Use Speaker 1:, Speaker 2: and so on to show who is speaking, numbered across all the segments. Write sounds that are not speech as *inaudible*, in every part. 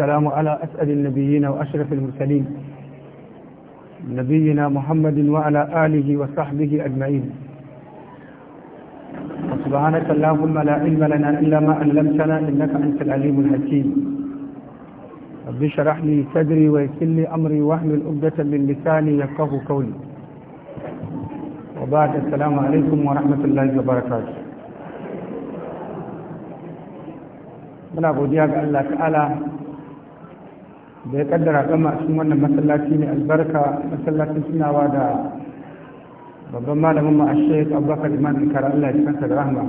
Speaker 1: السلام على أسأل النبيين وأشرف المرسلين نبينا محمد وعلى آله وصحبه أجمعين سبحانك اللهم لا علم لنا إلا ما علمتنا إنك أنت العليم الحكيم رب اشرح لي صدري ويسر لي أمري واحلل عقدة من لساني يفقه قولي وبعد السلام عليكم ورحمة الله وبركاته muna godiya ga Allah ta'ala da ya kaddara gama cikin wannan masallaci ne albarka masallacin tunawa da babban malamin ma a sheik abubakar imam ikara allah ya kanta da rahama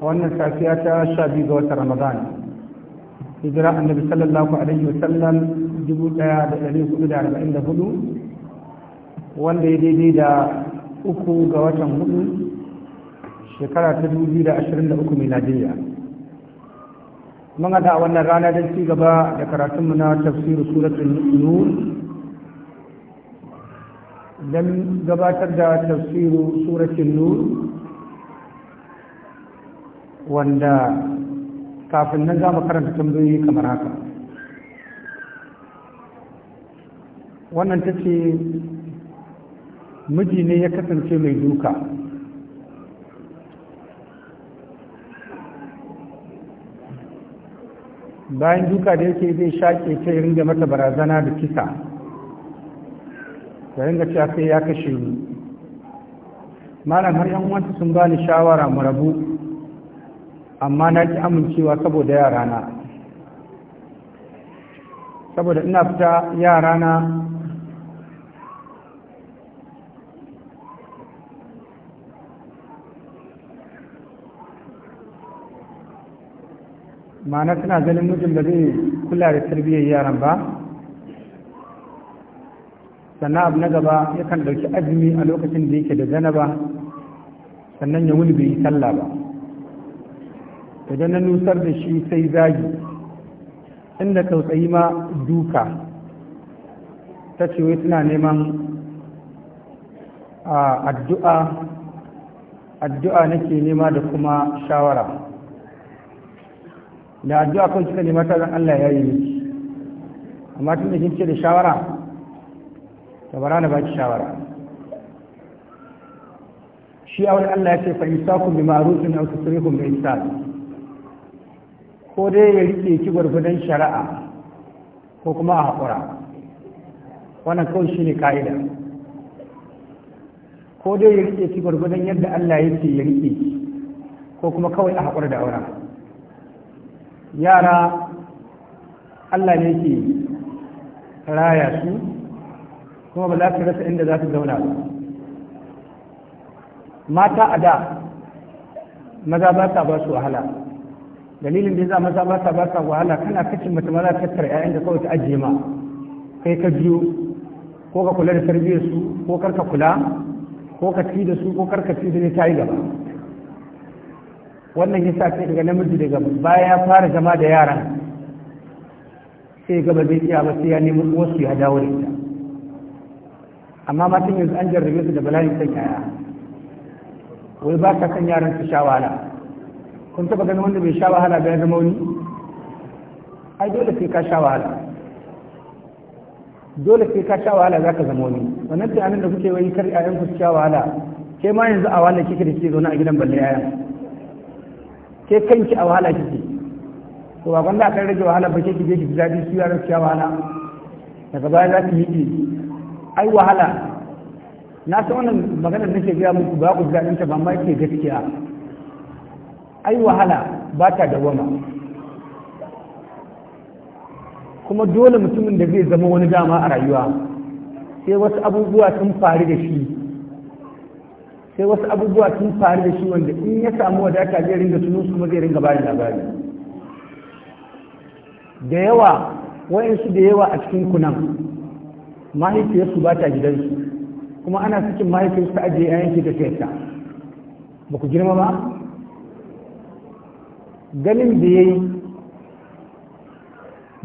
Speaker 1: a wannan safiya ta sha biyu ga wata ramadan hijira annabi sallallahu alaihi wa sallam dubu ɗaya da ɗari hudu da arba'in da hudu wanda ya daidai da uku ga watan hudu shekara ta dubu biyu da ashirin da uku miladiyya mun hada a wannan rana don ci gaba da karatunmu na tafsiru suratul nur don gabatar da tafsiru suratul nur wanda kafin nan za mu karanta tambayoyi kamar haka wannan ta ce miji ne ya kasance mai duka bayan duka da yake zai shaƙe ta yi ringa mata barazana da kisa da ringa cewa ya kashe ni malam har yan wata sun ba ni shawara mu rabu amma na ki amincewa saboda yarana saboda ina fita yarana ma'ana suna ganin mijin da zai kula da tarbiyyar yaran ba sannan abu na gaba yakan ɗauki azumi a lokacin da yake da zana ba sannan ya wuni bai yi sallah ba idan na nusar da shi sai zagi inda tsautsayi ma duka ta ce wai suna neman addu'a addu'a nake nema da kuma shawara da addu'a kan kika nema ta zan Allah ya yi miki amma tun da ce da shawara ta bara na baki shawara shi a wani Allah ya ce fa imsakum bi na wasu tusrihum bi sa ko dai ya rike ki gurgudan shari'a ko kuma a haƙura, wannan kawai shine ka'ida ko dai ya rike ki gurgudan yadda Allah ya ce ya rike ko kuma kawai a haƙura da auren yara allah ne ke raya su kuma ba za su rasa inda za su zauna ba mata a da maza ba sa ba su wahala dalilin da ya maza ba sa ba sa wahala kana kacin mace maza tattara 'ya'yan da kawai ta ajiye ma kai ka biyo ko ka kula da tarbiyyar su ko karka kula ko ka ci da su ko karka ci da ne ta yi gaba wannan ya sa daga namiji daga baya ya fara zama da yaran sai gaba zai iya ba sai ya nemi wasu ya dawo da ita amma matan yanzu an jarrabe su da bala'in san yaya wai ba ka san yaran su sha wahala kun taba ganin wanda bai sha wahala bayan zama wani ai dole sai ka sha wahala dole sai ka sha wahala za ka zama wani wannan tunanin da kuke wai kar 'ya'yanku su sha wahala ke ma yanzu a wahala kike da kike zaune a gidan balle 'ya'yan ke kanki a wahala kike to ba gwanda kan rage wahala ba ke ki je ki zabi su yaran ciya wahala daga baya za ki yi ai wahala na san wannan maganar nake ga muku ba ku zaɓin ta ba ma ke gaskiya ai wahala ba ta dawama kuma dole mutumin da zai zama wani dama a rayuwa sai wasu abubuwa sun faru da shi sai wasu abubuwa sun faru da shi wanda in ya samu wadata zai ringa tunu su kuma zai ringa bayan labari da yawa wayansu da yawa a cikin kunan mahaifiyarsu ba ta gidansu kuma ana cikin mahaifiyarsu ta ajiye yayan ke tafiyar ta ba ku girma ba ganin da ya yi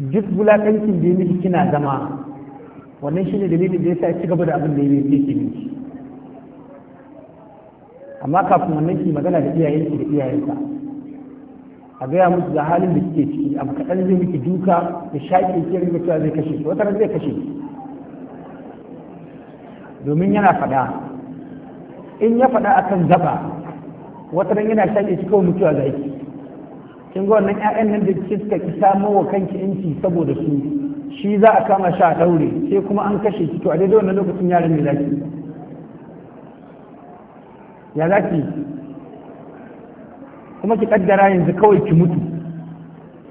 Speaker 1: duk wulaƙancin da ya kina zama wannan shi ne dalilin da ya sa ci gaba da abin da ya yi ke miki amma kafin wannan ki magana da iyayenki da iyayenka a gaya musu da halin da kike ciki abu kaɗan zai miki duka da shaƙi ke rinka cewa zai kashe ki wata zai kashe ki domin yana faɗa in ya faɗa akan zaba wata ran yana shaƙe ki kawai mutuwa zai ki kin ga wannan ƴaƴan nan da kike suka ki samo wa kanki inci saboda su shi za a kama shi a ɗaure sai kuma an kashe ki to a daidai wannan lokacin yaran ne zaki ya za ki kuma ki kaddara yanzu kawai ki mutu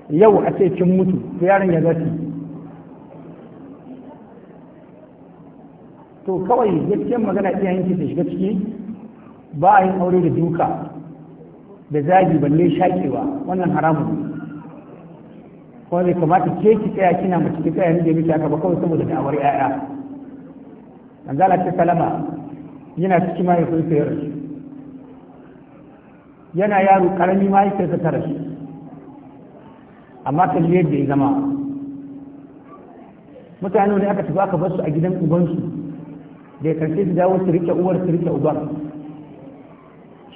Speaker 1: yau a ce kin mutu to yaron ya za ki to kawai gaskiyar magana iyayenki ta shiga ciki ba a yin aure da duka da zagi balle shakewa wannan haramun kuma bai kamata ke ki tsaya kina mace ki tsaya ni miki ka ba kawai saboda da'awar 'ya'ya manzala ta salama yana cikin mahaifinsa ya rasu yana yaro karami mahaifiyarsa ta rasu amma kalli yadda ya zama mutane ne aka tafi aka bar su a gidan ubansu da ya karshe su dawo su rike uwar su rike uban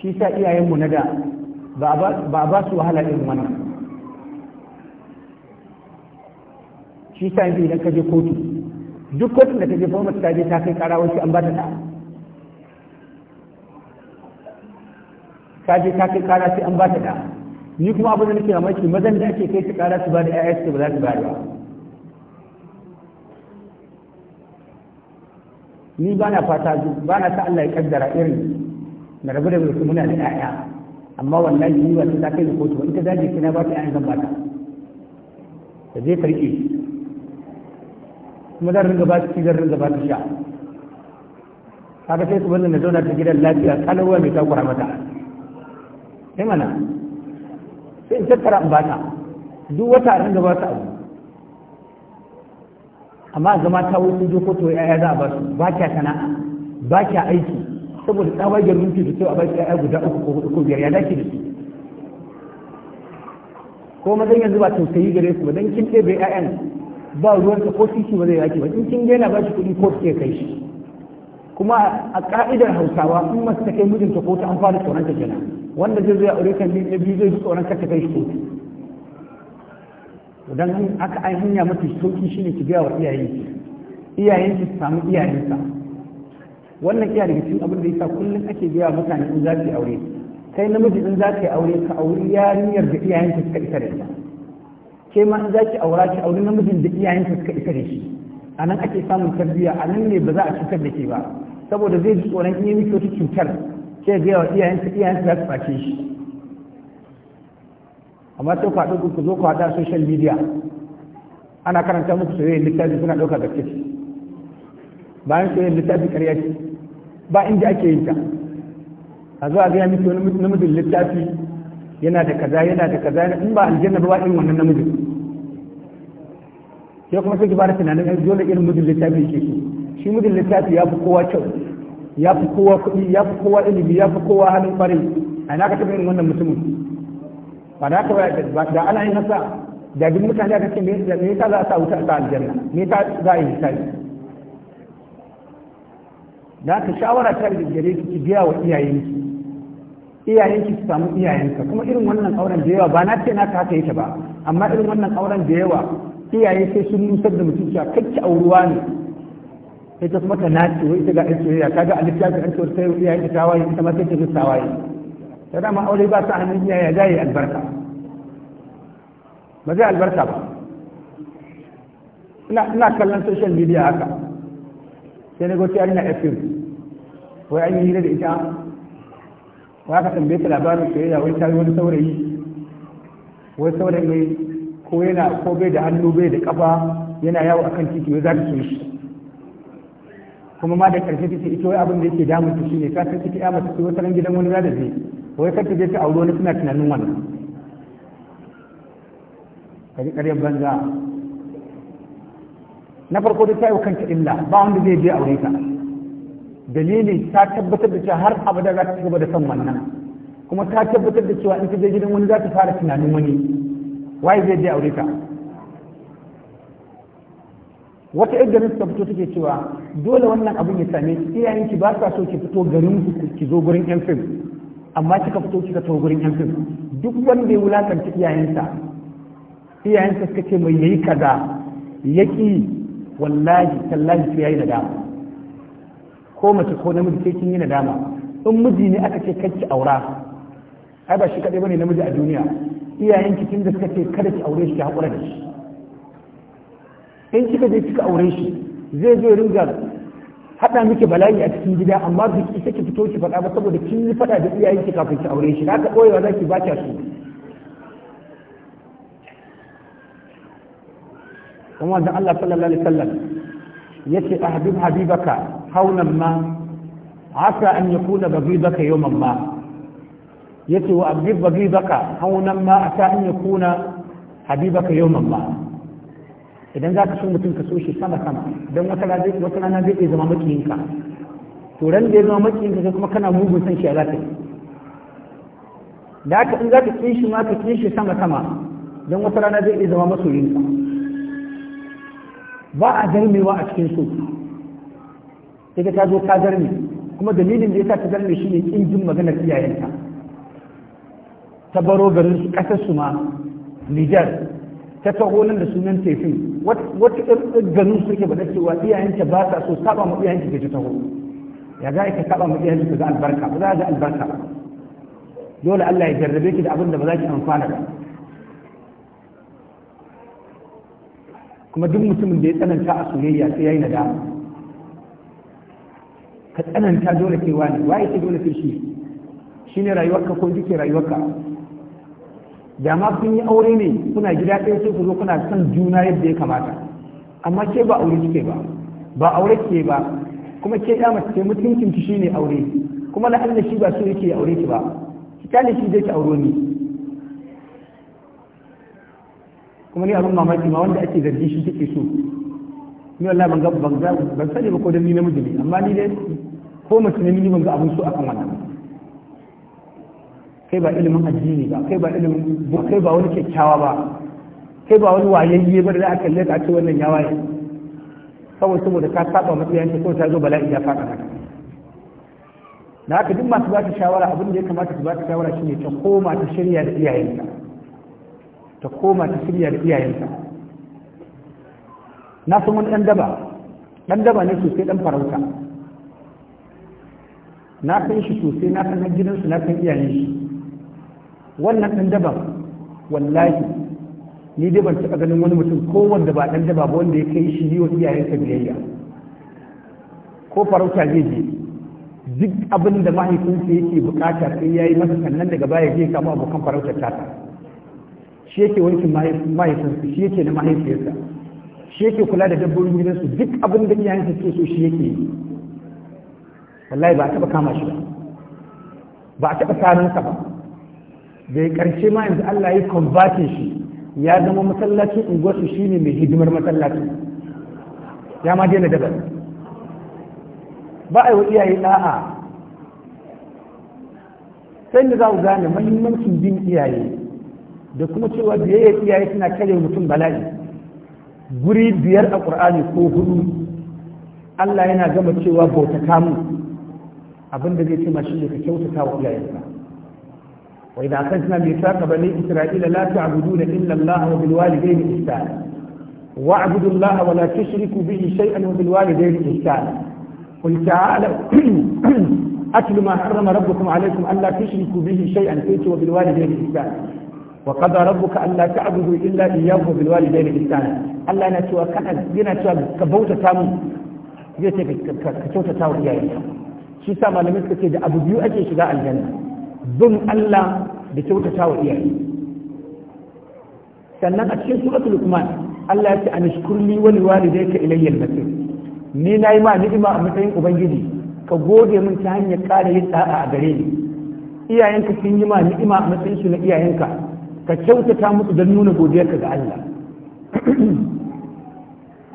Speaker 1: shi sa iyayenmu na da ba a ba su wahala irin wannan shi sa yanzu idan ka je kotu duk kotun da ta je gwamnati ta je ta kai kara wasu an ba ta ta'a ka je ka kai kara sai an ba ta da ni kuma abin da nake maki mazan da ake kai ta kara su ba da ƴaƴa su ba za su ba da ni ba na fata ba na sa Allah ya kaddara irin na rabu da mutum muna da ƴaƴa amma wannan ni ba ta kai kotu ba ita daji kina ba ta ƴaƴan zan ba ta ta je ta rike kuma zan ringa ba ta ci zan ringa ba ta sha kaga sai su wannan na zauna ta gidan lafiya kalawa mai takura mata sai mana sai in tattara in bata duk wata nan da ba ta abu amma zama ta wuce je kotu yaya za a ba su ba kya sana'a ba kya aiki saboda tsabagen minti da cewa a ba shi guda uku ko hudu ko biyar ya dace da su ko mazan yanzu ba tausayi gare su ba dan kin ɗebe ƴaƴan ba ruwan ka ko sisi ba zai yaki ba in kin daina ba shi kuɗi ko ke kai shi kuma a ka'idar hausawa in masu ta kai mijinta ko ta an fara tsoron ta kenan wanda zai zai aure kan biyu biyu zai tsoron ka kai shi kotu idan aka an hanya mafi sauki shine ki gaya wa iyayenki iyayenki su samu iyayensa wannan iya daga cikin abin da yasa kullum ake gaya mutane in za su aure kai namiji in za ka yi aure ka auri yarinyar da iyayenka suka isa da ita ke ma in za ki aura ki auri namijin da iyayenka suka isa da shi a nan ake samun tarbiyya a nan ne ba za a cutar da ke ba saboda zai ji tsoron in yi miki wata cutar sai ga wa iyayen su iyayen su za su shi amma sai ku haɗu ku zo ku haɗa social media ana karanta muku soyayyen littafi suna ɗauka gaske ce bayan soyayyen littafi karya ce ba inda ake yin ta a zuwa a gaya miki wani namijin littafi yana da kaza yana da kaza in ba aljanna ba in wannan namijin sai kuma sai ki ba da tunanin eh, dole irin mudin littafi ke shi shi mijin littafi ya fi kowa kyau ya fi kowa kuɗi ya fi kowa ilimi ya fi kowa halin fari a na ka taɓa irin wannan mutumin ba da ba da ana yin hasa da duk mutane aka ce me yasa za a sa wuta a aljanna me yasa za a yi hisabi da ka shawara ta da gare ki ki biya wa iyayenki iyayenki su samu iyayenka kuma irin wannan auren da yawa ba na ce naka haka yake ba amma irin wannan auren da yawa iyaye sai sun nusar da mutum cewa kakki auruwa ne sai ta kuma ta nace wai ita ga ɗan soyayya kaga a littafin an tsoro sai iyayen ta tawaye ita ma sai ta zo tawaye ta dama aure ba sa hannun iyaye ya yi albarka ba zai albarka ba ina kallon social media haka sai na gosi na fm wai an yi hira da ita wa aka tambaye ta labarin soyayya wai ta yi wani saurayi wai saurayi mai ko yana ko bai da hannu bai da kafa yana yawo akan titi wai za ta so shi kuma ma da ƙarshe take ita wai abin da yake damun ta shine ka san ita ya take wata ran gidan wani za ta je wai kar ta je ta aure wani suna tunanin wannan Kaje ji ƙaryar banza na farko da ta yi wa kanta illa ba wanda zai je aure ta dalili ta tabbatar da cewa har abada za ta ci gaba da san wannan kuma ta tabbatar da cewa in ta je gidan wani za ta fara tunanin wani wai zai je aure ta wata yadda nan suka fito take cewa dole wannan abin ya same ki iyayen ki ba sa so ki fito garin ki zo gurin yan fim amma kika fito kika to gurin yan fim duk wanda ya wulakanta iyayensa iyayensa suka ce mai yayi kaza yaki wallahi tallahi sai yayi nadama ko mace ko namiji sai kin yi nadama in miji ne aka ce kanki aura ai ba shi kadai bane namiji a duniya iyayen ki tun da suka ce kada ki aure shi ki haƙura da shi sai kika je kika aure shi zai zo ringa hada miki bala'i a cikin gida amma biki ita ki fito ki faɗa ba saboda kin yi faɗa da iyayenki kafin ki aure shi haka ɓoyewa za ki ba ki su kuma da Allah sallallahu alaihi wasallam yace ahbib habibaka haunan ma asa an yakuna bagidaka yawman ma yace wa abdib bagidaka haunan ma asa an yakuna habibaka yawman ma idan za ka so mutum ka so shi sama sama don wata rana zai iya zama makiyinka to ran da ya zama makiyinka sai kuma kana mugun san shi a zafi da haka in za ka kin shi ma ka kin shi sama sama don wata rana zai iya zama masoyinka ba a zarmewa a cikin so sai ka zo ka zarme kuma dalilin da ya sa ta zarme shi ne kin jin maganar iyayenta ta baro garin su kasar su ma Nijar ta taho nan da sunan tefin wata ganin suke ba cewa iyayenta ba sa so saba ma iyayenta ke ta taho ya za ka saba ma iyayenta ka ga albarka ba za a ga albarka ba dole Allah ya jarrabe ki da abin da ba za ki amfana ba kuma duk mutumin da ya tsananta a soyayya sai yayi nadama ka tsananta dole kai wani waye ke dole kai shi shine rayuwarka ko dike rayuwarka da ma kun yi aure ne kuna gida ɗaya sai ku zo kuna son juna yadda ya kamata amma ke ba aure kike ba ba aure ke ba kuma ke ya mace mutuncin ki shine aure kuma na Allah shi ba so yake aure ki ba ki ne shi zai ki aure ni kuma ni abin mamaki ma wanda ake zargi shi kike so ni wallahi ban ga ban sani ba ko dan ni namiji ne amma ni dai ko mace ne ni ban ga abin so akan wannan kai ba ilimin addini ba kai ba ilimin kai ba wani kyakkyawa ba kai ba wani wayayye ba da za a kalle ka ce wannan ya waye saboda saboda ka saba matsayin ka ko ta zo bala'i ya faɗa maka na haka duk masu ba shawara abin da ya kamata su ba shawara shine ta koma ta shirya da iyayenka ta koma ta shirya da iyayenka na san wani ɗan daba ɗan daba ne sosai ɗan farauta na san shi sosai na san gidansu na san iyayen shi wannan ɗan daba wallahi ni dai ban taɓa ganin wani mutum ko wanda ba ɗan daba ba wanda ya kai shi yi wa iyayensa biyayya ko farauta zai je duk abin da mahaifinsa yake bukata sai ya yi masa sannan daga baya zai samu abokan farauta tata shi yake wankin mahaifinsa shi yake na mahaifiyarsa shi yake kula da dabbobin gidansu duk abin da iyayensa ke so shi yake yi wallahi ba a taɓa kama shi ba ba a taɓa tsarinsa ba bai karshe ma yanzu Allah ya convert shi ya zama masallacin unguwarsu shine mai hidimar masallaci ya ma daina daban ba a yi wa iyaye da'a sai da za ku gane mahimmancin bin iyaye da kuma cewa biyayya iyaye suna kare mutum bala'i guri biyar a ƙur'ani ko hudu Allah yana gama cewa bauta kamu abinda zai ce ma shi ne ka kyautata wa iyayenka وإذا أخذنا ميثاق بني إسرائيل لا تعبدون إلا الله وبالوالدين إحسانا واعبدوا الله ولا تشركوا به شيئا وبالوالدين إحسانا قل تعالوا *clears throat* أكل ما حرم ربكم عليكم ألا تشركوا به شيئا فيتوا وبالوالدين إحسانا وقضى ربك ألا تعبدوا إلا إياه وبالوالدين إحسانا ألا نتوى كأن ينتوى كبوتة تامو zai ce ka kyauta ta wa iyayenka shi sa malamai bin Allah da kyautata wa iyaye sannan a cikin suratul luqman Allah ya ce an shkurli wa liwalidayka ilayya al-masir ni nayi ma ni'ima a matsayin ubangiji ka gode min ta hanyar ƙara yin da'a a gare ni iyayenka sun yi ma ni'ima a matsayin su na iyayenka ka kyautata musu don nuna godiyarka ga Allah *clears throat*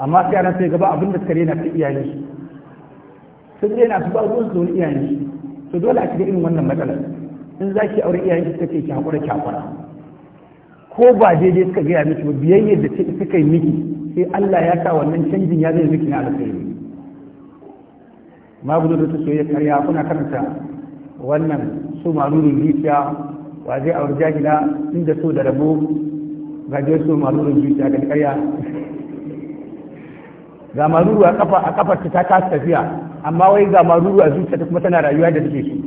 Speaker 1: amma sai ana sai gaba abinda suka rena ta iyayen su sun rena su ba ruwan su wani iyayen su to dole a shiga irin wannan matsalar in za ki aure iyayen ki suka ce ki hakura ki ko ba daidai suka gaya miki ba biyayyar da suka yi miki sai Allah ya sa wannan canjin ya zai miki na alkhairi ma gudu da ta soyayya karya kuna karanta wannan su malurin zuciya wa zai aure jahila inda so da rabo ga dai su malurin zuciya ga karya ga maruru a kafa a kafar ta kasa tafiya amma wai ga maruru a zuciya ta kuma tana rayuwa da take so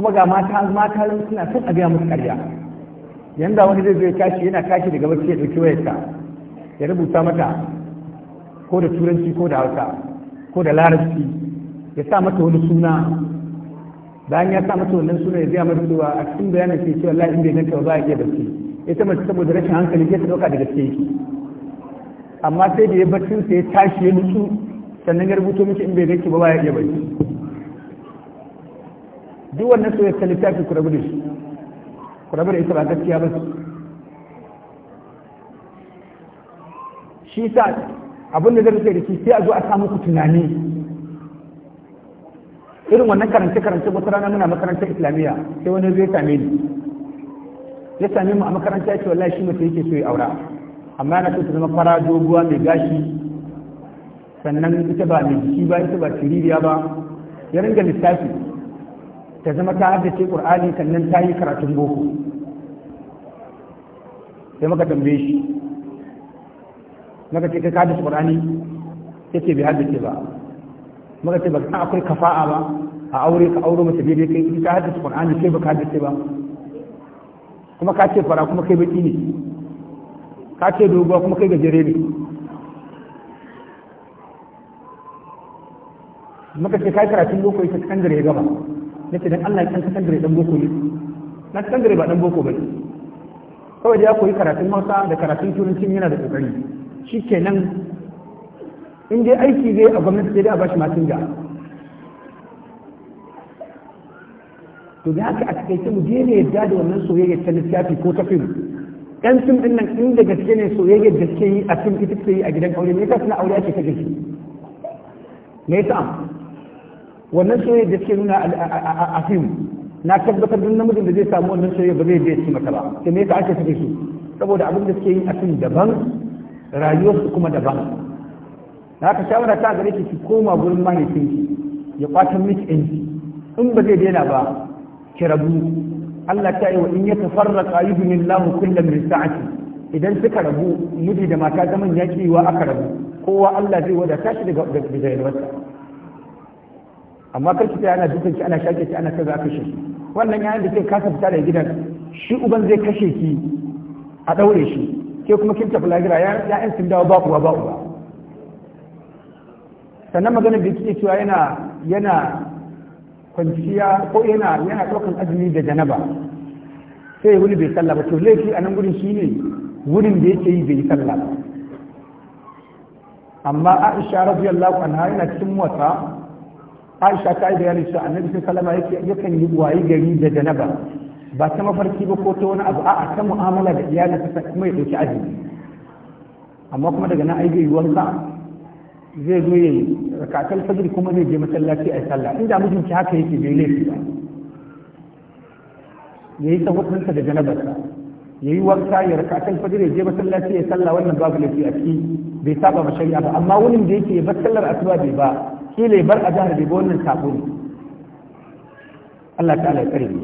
Speaker 1: kuma ga mata mata suna son a gaya musu ƙarya yanda wani zai zai tashi yana tashi daga barci ya dauki wayarsa ya rubuta mata ko da turanci ko da hausa ko da larabci ya sa mata wani suna bayan ya sa mata wannan suna ya zai mata cewa a cikin bayanin ke cewa la'in bai ganta ba a iya barci ita mace saboda rashin hankali ke ta dauka daga gaske amma sai da ya barcinsa ya tashi ya nutsu sannan ya rubuto miki in bai ganki ba ba ya iya barci duk wannan su ta littafi ku rabu da shi ku da ita ba gaskiya ba su. shi sa abin da zai da shi sai a zo a samu ku tunani irin wannan karance karance wata rana muna makarantar islamiyya sai wani zai same ni ya same mu a makaranta ce wallahi shi mace yake so ya aura amma yana so ta zama fara doguwa mai gashi sannan ita ba mai jiki ba ita ba siririya ba ya ringa lissafi ta zama ta haddace ƙur'ani sannan ta yi karatun boko sai maka tambaye shi maka ce kai ka haddace ƙur'ani ya ce bai haddace ba maka ce ba ka akwai kafa'a ba a aure ka auro mace daidai kai in ka haddace ƙur'ani kai ba ka haddace ba kuma ka ce fara kuma kai baki ne ka ce doguwa kuma kai gajere ne maka ce yi karatun boko ita kan ya gaba nake dan Allah ya sakandare dan boko ne na sakandare ba dan boko bane kawai da ya koyi karatun Hausa da karatun Turanci yana da kokari shikenan in dai aiki zai a gwamnati sai dai a bashi masinja to da haka a takaice mu daina yadda da wannan soyayyar ta lissafi ko ta fim ɗan fim din nan in da gaske ne soyayyar da suke yi a fim ita suke yi a gidan aure ne yasa suna aure ake ta gaske me yasa wannan soyayya da suke nuna a fim na tabbatar duk namijin da zai samu wannan soyayya ba zai je su maka ba sai me yasa ake tafi su saboda abin da suke yi a fim daban rayuwarsu kuma daban sha shawara ta gare ki ki koma gurin mahaifinki ya kwata miki inci in ba zai daina ba ki rabu Allah ta yi wa in ya tafarraqa yubnillahu kullam min sa'ati idan suka rabu miji da mata zaman yaƙi wa aka rabu kowa Allah zai wadata shi daga daga wata. amma karki ta ana dukan ki ana shaƙe ki ana kaza kashe shi wannan yayin da kai kasa fita da gidan shi uban zai kashe ki a daure shi ke kuma kin tafi lagira in sun dawo ba uwa ba uwa sannan magana da kike cewa yana yana kwanciya ko yana yana daukan azumi da janaba sai wani bai sallah ba to laifi a nan gurin shine wurin da yake yi bai sallah ba amma Aisha radiyallahu anha yana cikin wata aisha ta yi bayanin cewa annabi sun salama yakan yi wayi gari da janaba ba ta mafarki ba ko ta wani abu a'a ta mu'amala da iyali ta kuma ya ɗauki azumi amma kuma daga nan ai yi wanka zai zo ya yi rakatul fajr kuma zai je masallaci a sallah inda mijinki haka yake bai laifi ba yayi sahutsinsa da janabarsa ya yi wanka ya raka kan fajir ya je masallaci ya sallah wannan babu laifi a ciki bai saba ba shari'a ba amma wani da yake bar sallar asuba bai ba shi ya bar a jihar bai wannan sabo ne Allah ta'ala ya ne mu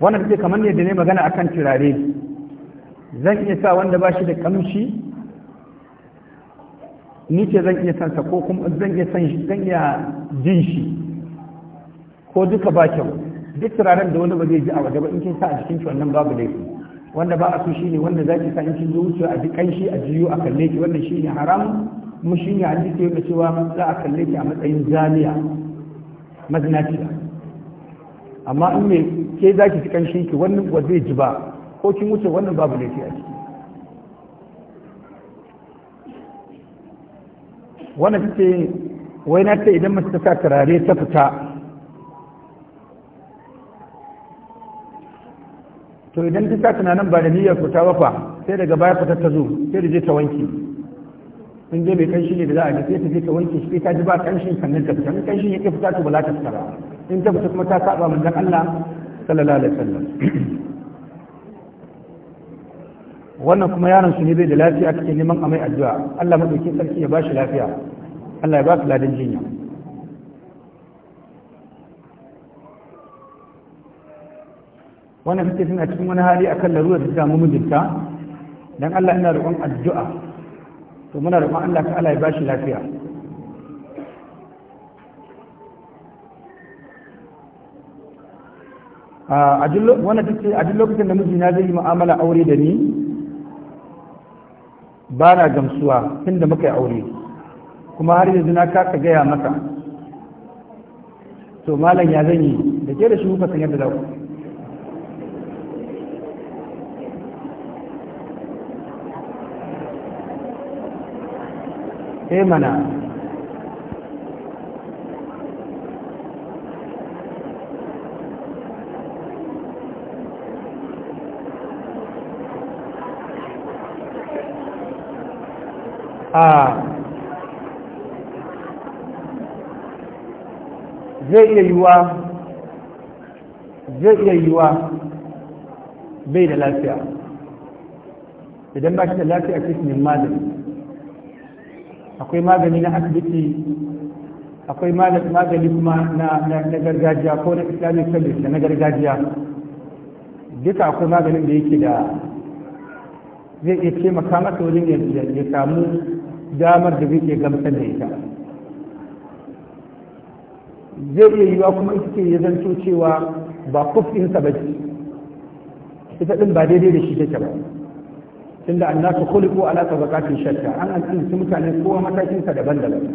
Speaker 1: wannan take kamar ne da ne magana akan turare zan iya sa wanda ba shi da kamshi ni ce zan iya sansa ko kuma zan iya san shi zan iya jin shi ko duka ba kyau duk turaren da wani ba zai ji a waje ba in kin sa a cikin shi wannan babu laifi wanda ba a so shine wanda zaki sa in kin zo wuce a ji kanshi a jiyo a kalle ki wannan shine haram kuma shine dace yake cewa za a kalle ki a matsayin zaliya mazinaciya amma in me ke zaki ji kanshi ki wannan ba zai ji ba ko kin wuce wannan babu laifi a ciki wannan ce wai na ta idan mace ta sa turare ta fita to idan ta sa tunanin ba da niyyar fita ba fa sai daga baya fitar ta zo sai da je ta wanke in je mai kanshi ne da za a ga sai ta je ta wanke shi ta ji ba kanshin sannan ta fita in kanshin ya ke fita to ba za ta fita ba in ta fita kuma ta saba manzon Allah sallallahu alaihi wasallam wannan kuma yaron su ne bai da lafiya kake neman amai addu'a Allah madauki sarki ya ba shi lafiya Allah ya ba su ladan jinya wannan suke suna cikin wani hali a kan larura da ta mijinta don Allah ina roƙon addu'a to muna roƙon Allah ka Allah ya bashi lafiya a duk lokacin da mijina zai yi mu'amala aure da ni ba na gamsuwa tun da muka yi aure kuma har yanzu na kaka gaya maka to malam ya zan yi da ke da shi kuka san yadda za ku eh mana a zai iya yiwuwa zai iya yiwuwa bai da lafiya idan ba shi da lafiya cikin malami akwai magani na asibiti akwai magani kuma na gargajiya ko na islamic service da na gargajiya duka akwai maganin da yake da zai iya taimaka masa wajen ya samu damar da zai iya gamsar da ita zai iya yiwa kuma ita ce ya zanto cewa ba kufinsa ba ce ita ɗin ba daidai da shi take ba tunda annasu khuliqu ala tabaqatin shatta an an tsinci mutane kowa matakin sa daban-daban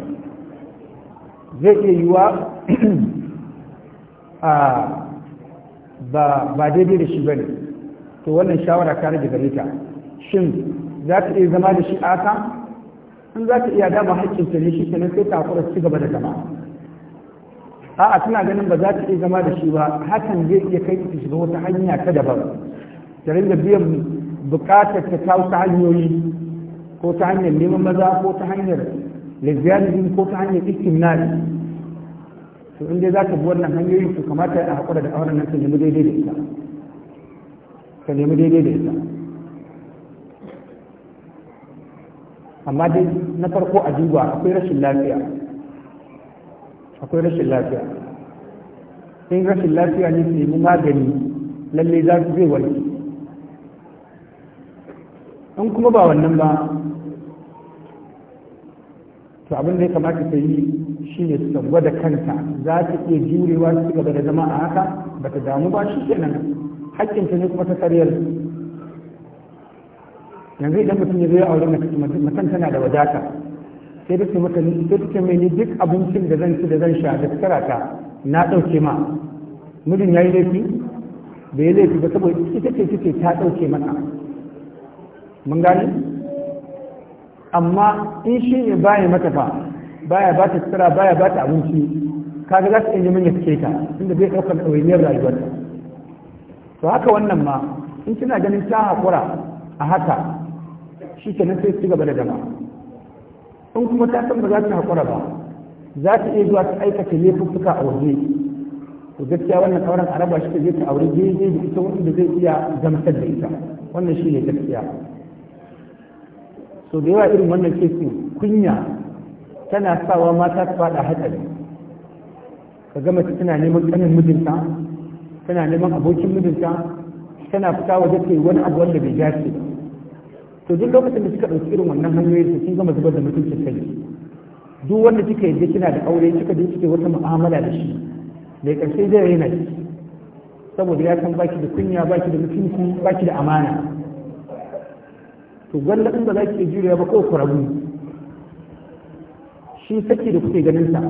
Speaker 1: zai iya yiwa *clears throat* a ba ba daidai da shi bane to wannan shawara ka rage gare ta shin za ka iya zama da shi aka in za ka iya dama haƙƙin ta ne shi kenan sai ta kura ci gaba da zama a'a tana ganin ba za ta iya zama da shi ba hakan zai iya kai ta shiga wata hanya ta daban ta ringa biyan buƙatar ta kawo ta hanyoyi ko ta hanyar neman maza ko ta hanyar lesbianism ko ta hanyar istimnari to in dai za ka bi wannan hanyoyin su kamata a haƙura da auren nan ka nemi daidai da ita ka nemi daidai da ita amma dai na farko a duba akwai rashin lafiya akwai rashin lafiya in rashin lafiya ne su nemi magani lalle za su zai warke in kuma ba wannan ba to abin da ya kamata ta yi shi ne su da kanta za ta iya jurewa su gaba da zama a haka ba ta damu ba shi kenan ta ne kuma ta karyar yanzu idan mutum ya zo ya aure mutum tana da wadata sai da ce mutane sai ta mai ne duk abincin da zan ci da zan sha da ta na ɗauke ma mijin ya yi laifi bai laifi ba saboda ita ce ta ɗauke mata mun gani amma in shi ne baya mata fa baya ba ta tsira baya ba ta abinci kaga za ta iya min ya ta inda bai ɗaukar ɗawainiyar ta to haka wannan ma in kina ganin ta haƙura a haka shi ke sai ci gaba da dama in kuma ta san ba za ta haƙura ba za ta iya zuwa ta aikata laifuffuka a waje to gaskiya wannan auren araba shi ke zai ta aure daidai da ita wanda zai iya gamsar da ita wannan shi ne gaskiya to da yawa irin wannan kesin kunya tana sawa mata su faɗa hatsari ka ga mace tana neman kanin mijinta tana neman abokin mijinta tana fita waje ta wani abu wanda bai dace ba to duk lokacin da suka ɗauki irin wannan hanyoyi to sun gama zubar da mutunci kai duk wanda kika yadda kina da aure kika je kike wata mu'amala da shi mai ƙarshe zai raina saboda ya san baki da kunya baki da mutunci baki da amana to gwanda ɗin ba za ki juriya ba ko ku rabu shi saki da kuke ganin sa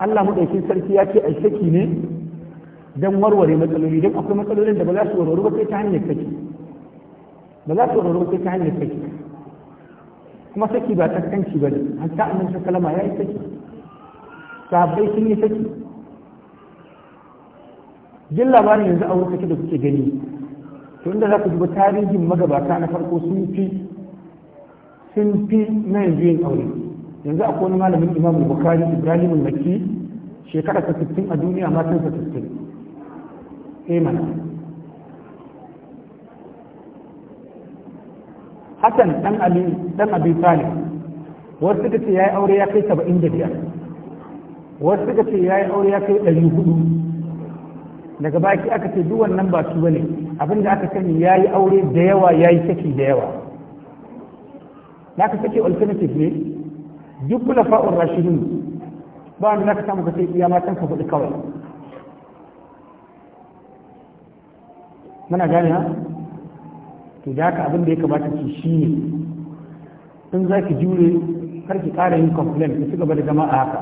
Speaker 1: Allah madaukin sarki ya ce ai saki ne don warware matsaloli don akwai matsalolin da ba za su warware ba sai ta hanyar saki ba za su warware ba sai ta hanyar saki kuma saki ba taskanci ba ne hatta annan kalama ya yi saki sahabbai sun yi saki jin labarin yanzu a wurin saki da kuke gani tun da za ku duba tarihin magabata na farko sun fi sun fi na yanzu yin aure yanzu a kone malamin imam bukari ibrahim al-makki shekara ta 60 a duniya matan ta 60 eman eh hasan dan ali dan abi talib wasu suka ce yayi aure ya kai 75 wasu suka ce yayi aure ya kai 400 daga baki aka ce duk wannan ba su bane abinda aka sani ya yi aure da yawa ya yi saki da yawa da aka sake alternative ne duk kula fa'un rashidun ba wanda za ka samu ka sai iya matan ka hudu kawai muna gane ha to da haka abin da ya kamata ki shi ne in za ki jure kar ki ƙara yin complain ki ci gaba da jama'a haka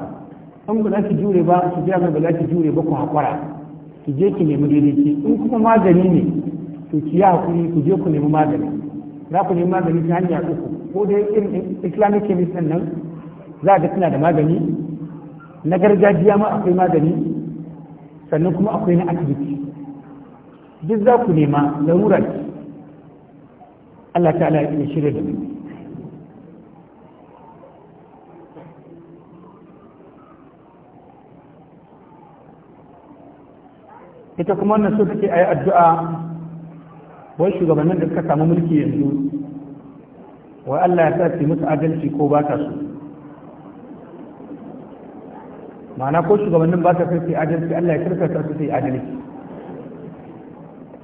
Speaker 1: in ba za ki jure ba ki jira ba za ki jure ba ku haƙura ki je ki nemi daidai ki in kuma magani ne to ki yi hakuri ku je ku nemi magani za ku nemi magani ta hanya uku ko dai irin islamic chemist nan za ga tana da magani na gargajiya ma akwai magani sannan kuma akwai na asibiti duk za ku nema larura Allah ta'ala ya shirya da mu ita kuma wannan so take ayi addu'a wai shugabannin da suka samu mulki yanzu wai Allah ya sa su musu adalci ko ba ta so ma'ana ko shugabannin ba ta so su adalci Allah ya karkata su su yi adalci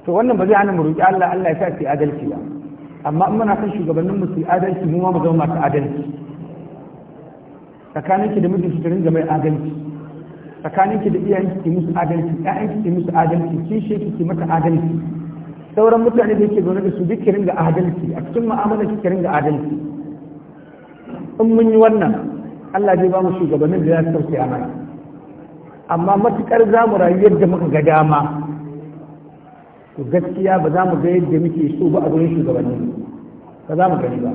Speaker 1: to wannan ba zai hana mu roƙi Allah Allah ya sa su yi adalci ba amma in muna son shugabannin mu su yi adalci mu ma mu zama masu adalci tsakaninki da mijinki ki ringa mai adalci tsakaninki da iyayen ki musu adalci 'ya'yan ki musu adalci kishe ki mata adalci sauran mutane da yake zaune da su duk ki adalci a cikin mu'amala ki ringa adalci in mun yi wannan Allah zai ba mu shugabannin da za su a mana amma matukar za mu rayu yadda muka ga dama to gaskiya ba za mu ga yadda muke so ba a gurin shugabanni ba za mu gani ba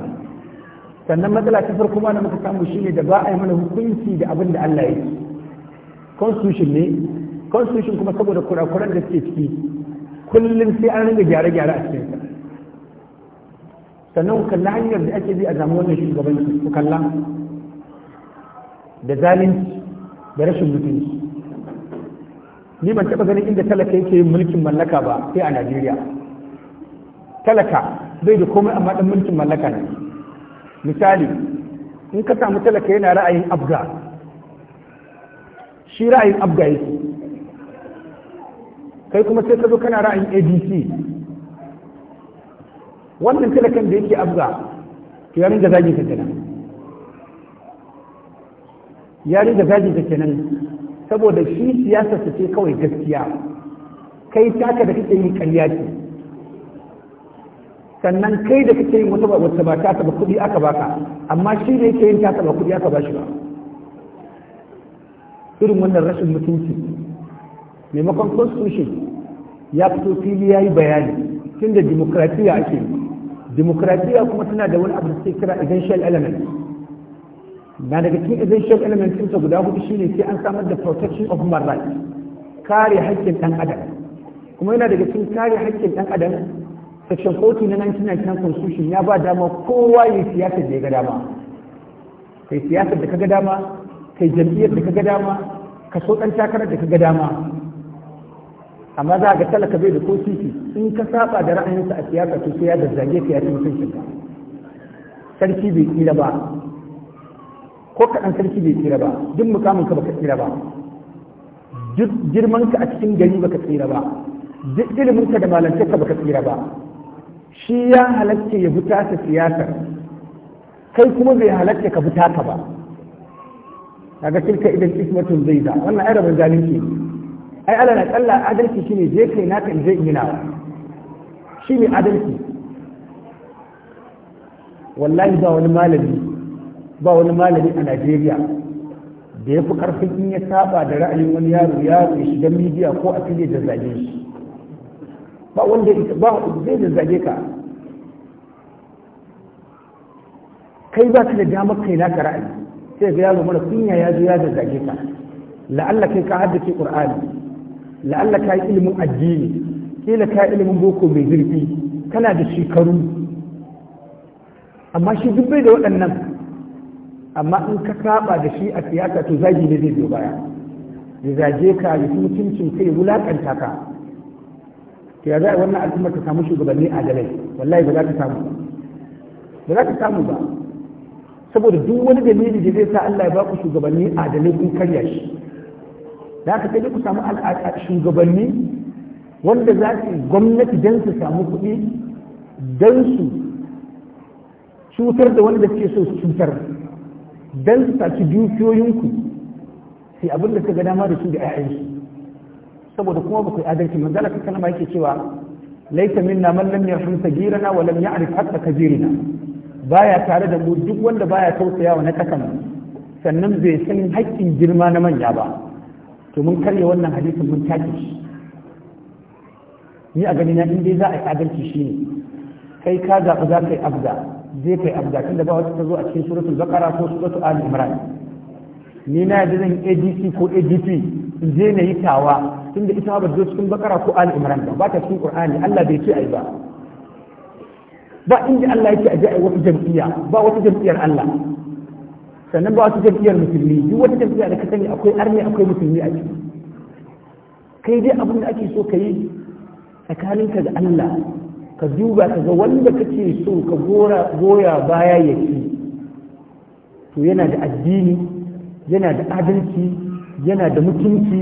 Speaker 1: sannan matsala ta farko ma da muka samu shine da ba a yi mana hukunci da abin da Allah ya yi constitution ne constitution kuma saboda kurakuran da suke ciki kullum sai an ringa gyare-gyare a cikin sannan ku kalla hanyar da ake bi a zama wannan shugabanci ku kalla da zalunci da rashin mutunci ni ban taɓa ganin inda talaka yake yin mulkin mallaka ba sai a najeriya talaka bai da komai amma dan mulkin mallaka ne misali in ka samu talaka yana ra'ayin abga shi ra'ayin abga yake kai kuma sai ka zo kana ra'ayin abc wannan talakan da yake abga to ya da zagin ka kenan yarin da zagin ka kenan saboda shi siyasa su ce kawai gaskiya kai taka da kake yin karya ce sannan kai da kake yin wata ba ta ba kuɗi aka baka amma shi ne yake yin taka ba kuɗi aka ba shi ba irin wannan rashin mutunci maimakon constitution ya fito fili ya yi bayani tun da demokratiya ake demokratiya kuma tana da wani abu da sai kira essential element na daga cikin essential element sun guda hudu shine sai an samar da protection of human rights kare haƙƙin ɗan adam kuma yana daga cikin kare haƙƙin ɗan adam section 40 na 1999 constitution ya ba dama kowa ya siyasar da ya ga dama kai siyasar da ka ga dama kai jam'iyyar da ka ga dama ka so ɗan takarar da ga dama amma za a ga talaka bai da ko titi in ka saba da ra'ayinsa a siyasa to sai ya zazzage ka ya ci mutuncin ka sarki bai tsira ba ko kaɗan sarki bai tsira ba duk mukamin ka baka tsira ba duk girman ka a cikin gari baka tsira ba duk ilimin ka da malantar ka baka tsira ba shi ya halatta ya buta ta siyasar kai kuma bai halatta ka buta taka ba kaga tilka idan ismatun zai da wannan ai rabin zalunci ai ala na kalla adalci shine je kai naka in je in yi nawa shine adalci wallahi ba wani malami ba wani malami a Najeriya da ya fi karfin in ya saba da ra'ayin wani yaro yaro ya shiga midiya ko a fili da zage shi ba wanda ba zai da zage ka kai ba ka da damar kai naka ra'ayi sai ga yaro mara kunya ya zo ya zazzage ka la'alla kai ka haddace qur'ani la'alla ka yi ilimin addini kila ka yi ilimin boko mai zurfi kana da shekaru amma shi duk bai da waɗannan amma in ka saba da shi a siyasa to zagi ne zai zo baya ya zage ka ya fi mutuncin kai ya wulakanta ka to ya za wannan al'ummar ta samu shugabanni adalai wallahi ba za ta samu ba za ta samu ba saboda duk wani dalili da zai sa Allah ya baku shugabanni adalai kun karya shi da aka kai ku samu shugabanni wanda za su gwamnati don su samu kuɗi don su cutar da wanda suke so su cutar don su saki dukiyoyinku sai abin da ka ga dama da su da 'ya'yansu saboda kuma ba ku adalci manzala ta kalma yake cewa laita minna man lam yarham sagirana wa lam ya'rif hatta kabirina baya tare da mu duk wanda baya tausayawa na kasan sannan bai san haƙƙin girma na manya ba to mun karya wannan hadisin mun take shi ni a ganina in dai za a yi adalci shi ne kai ka zaɓi za ka yi abda zai kai abda da ba wata ta zo a cikin suratul baqara ko suratul ali imran ni na yadda zan adc ko adp in je na yi tawa tun da ita ba zo cikin bakara ko ali imran ba ba ta cikin qur'ani Allah bai ce ai ba ba inda Allah yake aje a wata jam'iyya ba wata jam'iyyar Allah sannan ba wata jam'iyyar musulmi duk wata jam'iyya da ka sani akwai arni akwai musulmi a ciki kai dai abin da ake so ka yi tsakaninka da Allah ka duba ka ga wanda kake so ka gora goya baya ya ci to yana da addini yana da adalci yana da mutunci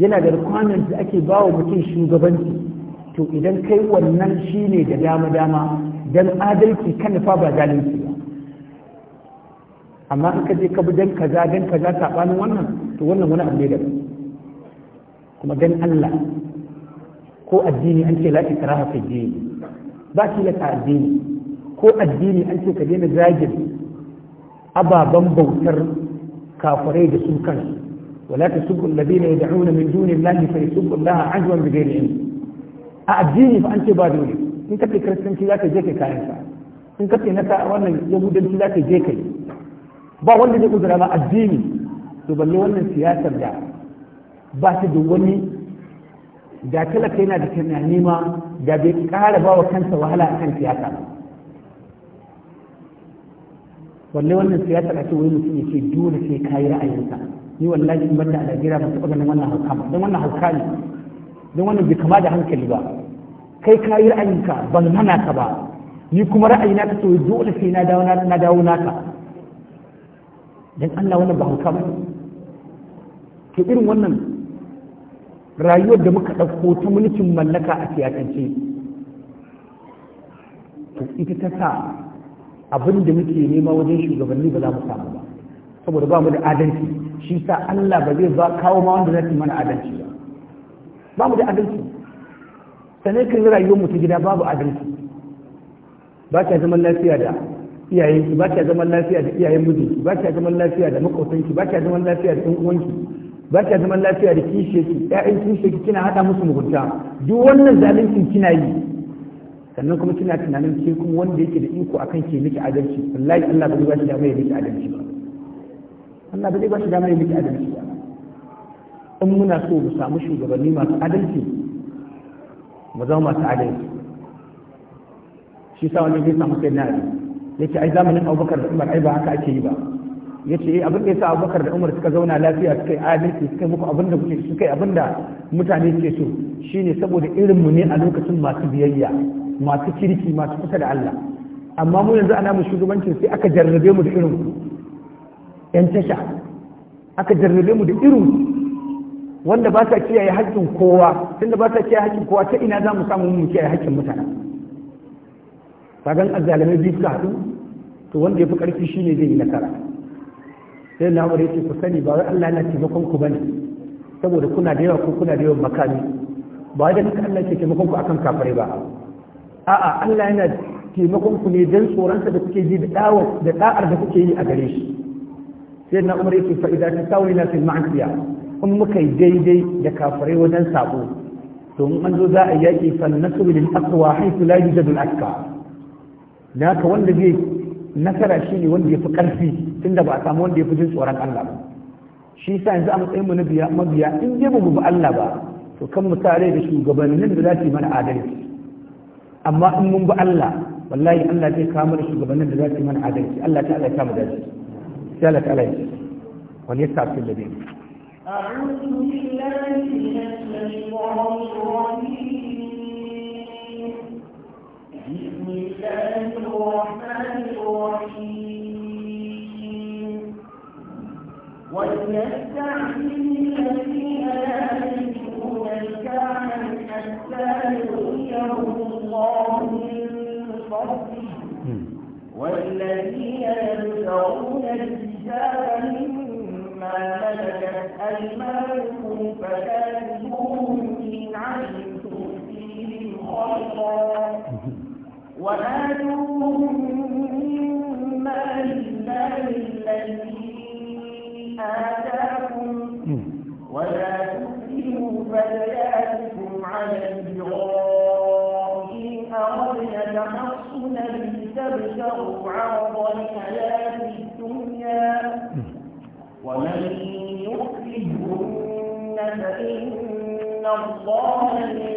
Speaker 1: yana da requirement da ake bawa mutum shugabanci to idan kai wannan shine da dama dama dan adalci kan fa ba zalunci ba amma in ka je ka bi dan kaza dan kaza sabanin wannan to wannan wani abu ne da kuma dan Allah ko addini an ce la ikraha fi din ba shi la addini ko addini an ce ka na zagin ababen bautar kafirai da su kansu ولا تسبوا الذين يدعون من دون الله فيسبوا a عدوا fa an ce ba dole. in kafe kiristanci za ka je kai kayan sa in na sa wannan yahudanci za ka je kai ba wanda zai uzura ma addini to balle wannan siyasar da ba ta da wani da talaka yana da tunani ma da bai kara ba wa kansa wahala akan siyasa ba balle wannan siyasar a ce wani mutum ya ce dole sai kayi ra'ayinsa ni wallahi in banda a Najeriya ba taɓa ganin wannan hauka ba don wannan hauka ne don wannan bai kama da hankali ba kai ka yi ra'ayinka ban hana ka ba ni kuma ra'ayina na ka to dole sai na dawo na dawo naka dan Allah wannan ba hauka ba to irin wannan rayuwar da muka ɗauko ta mulkin mallaka a siyasance to ita ta sa abin da muke nema wajen shugabanni ba za mu samu ba saboda ba mu da adalci shi sa Allah ba zai ba kawo ma wanda zai mana adalci ba ba mu da adalci sannan kan yi rayuwar mu ta gida babu adalci ba ta zaman lafiya da iyayenki ba ta zaman lafiya da iyayen mijinki ba ta zaman lafiya da makwabtanki ba ta zaman lafiya da ɗan uwanki ba ta zaman lafiya da kishiyarki ƴaƴan kishiyarki kina haɗa musu mugunta duk wannan zaluncin kina yi sannan kuma kina tunanin ke kuma wanda yake da iko akan ke miki adalci wallahi Allah ba zai ba shi dama ya miki adalci ba Allah ba zai ba shi dama ya miki adalci ba in muna so mu samu shugabanni masu adalci mu zama masu adalci shi sa wani zai samu sai na ali ya ce ai zamanin abubakar da umar ai ba haka ake yi ba ya ce eh, abin da ya sa abubakar da umar suka zauna lafiya suka yi adalci suka yi muku abin da kuke suka yi abin da mutane ke so shi ne saboda irin mu ne a lokacin masu biyayya masu kirki masu kusa da Allah amma mu yanzu ana mu shugabancin sai aka jarrabe mu da irin ku yan tasha aka jarrabe mu da irin ku wanda ba ta kiyaye haƙƙin kowa tunda ba ta kiyaye haƙƙin kowa ta ina za mu samu mu kiyaye haƙƙin mutane kagan azzalamai biyu suka haɗu to wanda ya fi ƙarfi shi ne zai yi nasara sai na wuri ce ku sani ba wai Allah yana taimakon ku bane saboda kuna da yawa ko kuna da yawan makami ba wai da haka Allah ke taimakon ku akan kafare ba a'a Allah yana taimakon ku ne dan tsoronsa da kuke ji da da'ar da kuke yi a gare shi sai na umar yake fa idan ta tawila fil ma'asiya in muka yi daidai da kafirai wajen sabo to an zo za a yaki fannasru lil aqwa haythu la yujadu al aqwa naka wanda zai nasara shine wanda ya fi karfi tunda ba a samu wanda ya fi jin tsoron Allah ba shi sa yanzu a matsayin mu na biya mabiya in dai ba mu bi Allah ba to kan mu tare da shugabannin da za su yi mana adalci amma in mun bi Allah wallahi Allah zai kawo mana shugabannin da za su yi mana adalci Allah ta Allah ta mu dace sai Allah ta Allah ya wal yasta'fil ladina
Speaker 2: أعوذ بالله من الشيطان الرجيم بسم الله الرحمن الرحيم ولنستعين الذين لا يجدون الكعبة حتى يغنيهم الله من فضله والذين يبتغون الكتاب منهم ما ملكت أيمانكم فكاتبوهم إن علمتم فيهم خلقا وآتوهم مما لله الذي آتاكم ولا تكرهوا فتياتكم على البغاء إن أردنا تحصنا لتبتغوا عرض الحياة الدنيا ومن يؤمن فإن الله من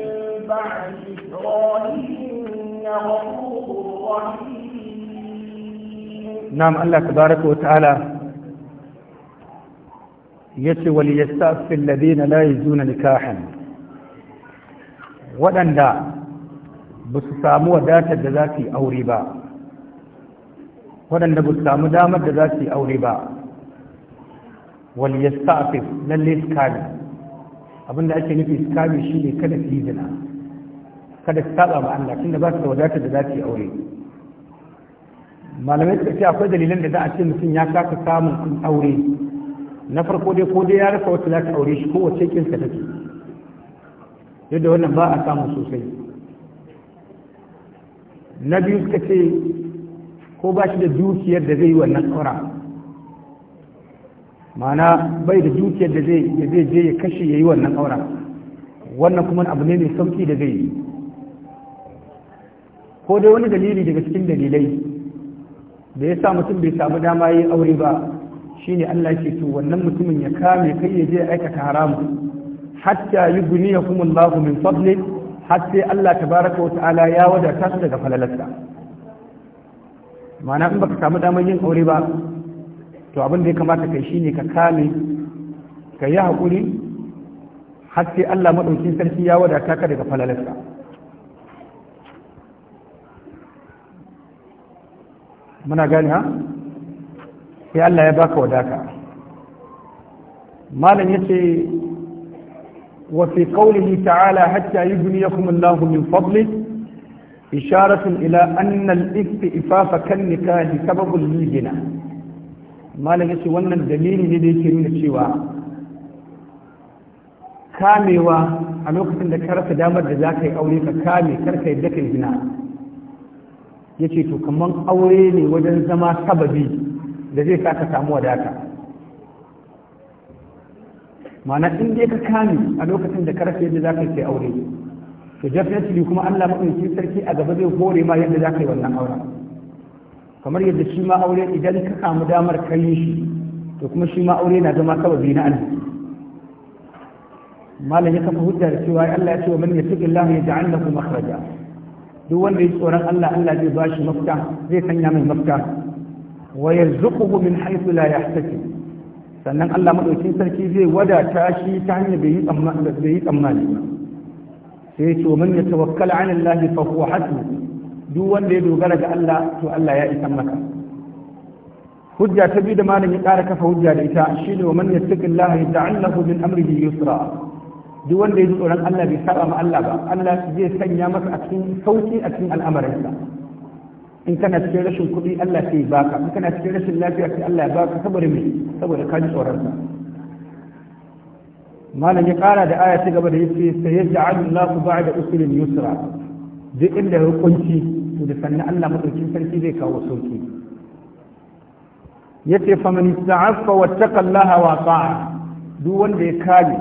Speaker 2: بعد إسرائيل غفور
Speaker 1: نعم الله تبارك وتعالى يسوى ليستأفي الذين لا يجدون نكاحا ودن دا بسسامو داتا دذاتي أو ربا ودن دا بسسامو دامت دذاتي أو ربا wal yasta'fif lalle iskami abinda ake nufi iskami shine kada su yi zina kada su saba ma Allah tunda ba su da wadatar da za su yi aure malamai suka ce akwai dalilan da za a ce mutum ya kasa samun an aure na farko dai ko dai ya rasa wata za ta aure shi ko wace kinsa take yadda wannan ba a samu sosai na biyu suka ce ko ba shi da dukiyar da zai yi wannan aura ma'ana bai da dukiyar da zai je ya kashe ya yi wannan aura wannan kuma abu ne mai sauki da zai yi ko dai wani dalili daga cikin dalilai da ya sa mutum bai samu dama yi aure ba shine Allah ke to wannan mutumin ya kame kai ya je aikata haramu hatta kuma Allahu min fadli hatta Allah baraka wa ta'ala ya wadata su daga falalarsa Mana in baka samu damar yin aure ba to abin da ya kamata kai ne ka kame ka yi haƙuri har sai Allah maɗaukin sarki ya wadata ka daga falalarsa muna gani ha sai Allah ya baka wadata malam ya yace wa fi qawlihi ta'ala hatta yubniyakum Allahu min fadli isharatun ila anna al ifafa kan nikahi sababul lijina malam yace wannan dalili ne da yake nuna cewa kamewa a lokacin da ka rasa damar da za ka yi aure ka kame karka yadda ka zina ya ce to kamar aure ne wajen zama sababi da zai sa ka samu wadata mana in dai ka kame a lokacin da ka rasa yadda za ka yi aure to definitely kuma Allah maɗauki sarki a gaba zai hore ma yadda za ka yi wannan auren kamar yadda shi ma aure idan ka samu damar kai shi to kuma shi ma aure na zama kawai sababi na anan malam ya kafa hujja da cewa Allah ya ce wa man yattaqillahu yaj'al lahu makhraja duk wanda ya tsoron Allah Allah zai ba shi mafita zai sanya mai mafita wa yarzuquhu min haythu la yahtasib sannan Allah madaukin sarki zai wadata shi ta hanyar bai yi tsammani ba sai ya ce wa man yatawakkal 'ala Allah fa huwa hasbuh duk wanda ya dogara ga Allah to Allah ya isa maka hujja ta biyu da malam ya ƙara kafa hujja da ita shine wa man yattaqillaha yaj'al lahu min amrihi yusra duk wanda ya ji tsoron Allah bai saba ma Allah ba Allah zai sanya masa a cikin sauki a cikin al'amarinsa in kana cikin rashin kuɗi Allah sai baka in kana cikin rashin lafiya sai Allah ya baka saboda me saboda ka ji tsoron sa malam ya ƙara da aya ta gaba da yace sayaj'alu Allahu ba'da usulin yusra duk inda ya hukunci to da sannan Allah madaukin sarki zai kawo sauki yace fa man ista'affa wattaqa Allah wa ta'a duk wanda ya kare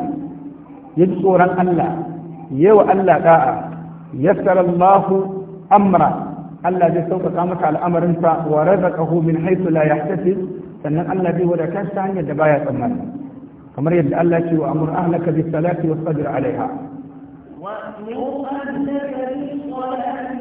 Speaker 1: ya ji tsoron Allah yawa Allah da'a yassara Allah amra Allah zai sauƙaƙa masa al'amarinsa wa razaqahu min haythu la yahtasib sannan Allah zai wadata ta hanyar da baya tsammani kamar yadda Allah ce wa amur ahlaka bis salati wasbir alaiha wa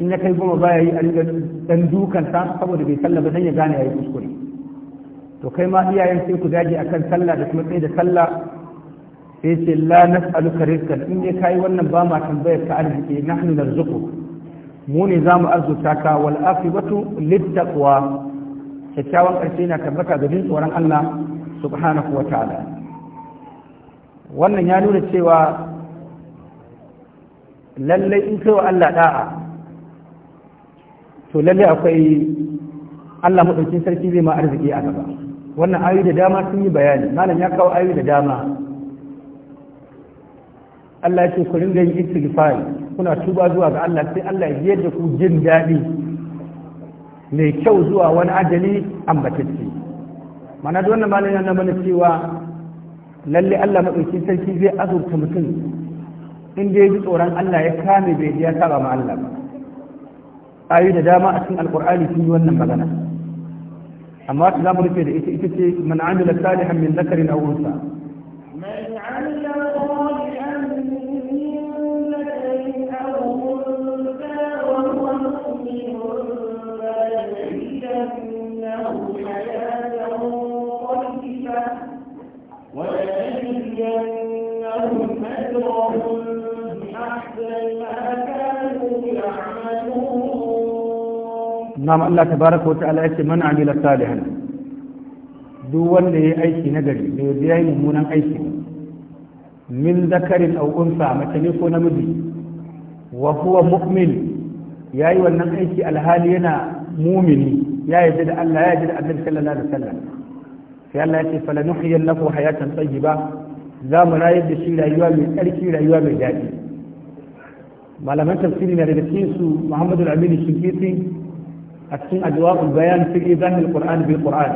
Speaker 1: in ya kai goma baya yi a riga dan dukansa saboda bai sallah ba dan ya gane ya yi kuskure to kai ma iyayen sai ku dage akan sallah da kuma da sallah sai ce la nas'aluka rizqan in dai kai wannan ba ma tambayar ka arziki nahnu narzuqu mu ne zamu arzuta ka wal aqibatu littaqwa kyakkyawan ƙarshe na tabbata ga jin tsoron Allah subhanahu wa ta'ala wannan ya nuna cewa lallai in kai wa Allah da'a to lalle akwai Allah madaukin sarki zai ma arziki a gaba wannan ayoyi da dama sun yi bayani malam ya kawo ayoyi da dama Allah ya ce ku ringa yin istighfar kuna tuba zuwa ga Allah sai Allah ya yarda da ku jin daɗi mai kyau zuwa wani ajali ambatacce mana da wannan malam yana mana cewa lalle Allah madaukin sarki zai azurta mutum in dai bi tsoron Allah ya kame bai ya saba ma Allah ba ayu da dama a cikin alkur'ani sun yi wannan magana amma ta zamu rufe da ita ita ce man amila salihan min zakarin aw unsa nam Allah tabaraka wa ta'ala yace man amila salihan duk wanda yayi aiki na gari ya yi mummunan aiki min zakarin aw unsa mace ne ko namiji wa huwa mu'min yayi wannan aiki alhali yana mumini ya yarda da Allah ya yarda da Annabi sallallahu alaihi wasallam sai Allah yace falanuhyiyannahu hayatan tayyiba za mu rayar da shi rayuwa mai tsarki rayuwa mai daɗi malaman tafsiri na daga cikin su Muhammadu Aminu Shinkiti a cikin ajwabul bayan fi izahil qur'an bil qur'an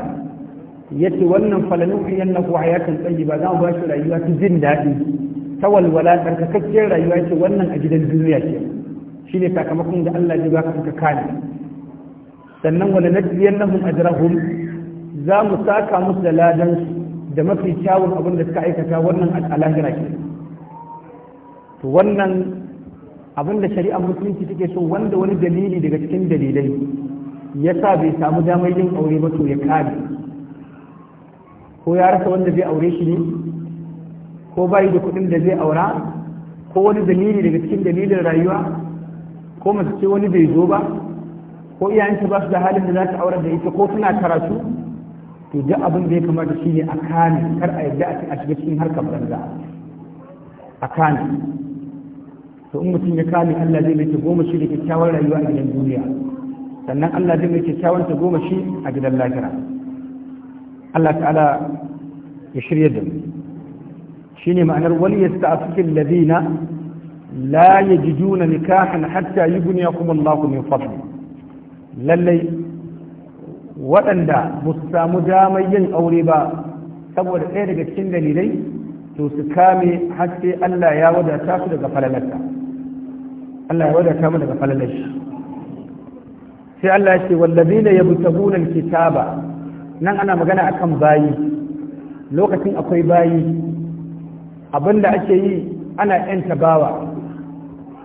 Speaker 1: yace wannan falanuhu yannahu hayatan tayyiba za mu bashi rayuwa ta jin daɗi ta walwala tsarkakakken rayuwa yace wannan a gidan duniya ce shine sakamakon da Allah ya baka ka kane sannan wala najziyannahum ajrahum za mu saka musu da ladan da mafi kyawun abin da suka aikata wannan al'alahira ke to wannan abin da shari'ar musulunci take so wanda wani dalili daga cikin dalilai ya sa bai samu damar yin aure ba to ya kare ko ya rasa wanda zai aure shi ne ko bai da kuɗin da zai aura ko wani dalili daga cikin dalilin rayuwa ko mace ce wani bai zo ba ko iyayenta ba su da halin da za ta aure da ita ko suna karatu to duk abin da ya kamata shi ne a kane kar a yarda a shiga cikin harkar banza a kane to in mutum ya kame Allah zai mai goma shi da kyakkyawar rayuwa a gidan duniya sannan Allah zai mai kyakkyawan ta goma shi a gidan lahira Allah ta'ala ya shirya da mu shine ma'anar wal yasta'fiku alladhina la juna nikahan hatta kuma Allah min fadli lallai waɗanda ba su samu damar yin aure ba saboda ɗaya daga cikin dalilai to su kame har Allah ya wadata su daga falalarsa Allah ya wadata mu daga falalar sai Allah ya ce wallazina yabtaguna alkitaba nan ana magana akan bayi lokacin akwai bayi abinda ake yi ana yanta bawa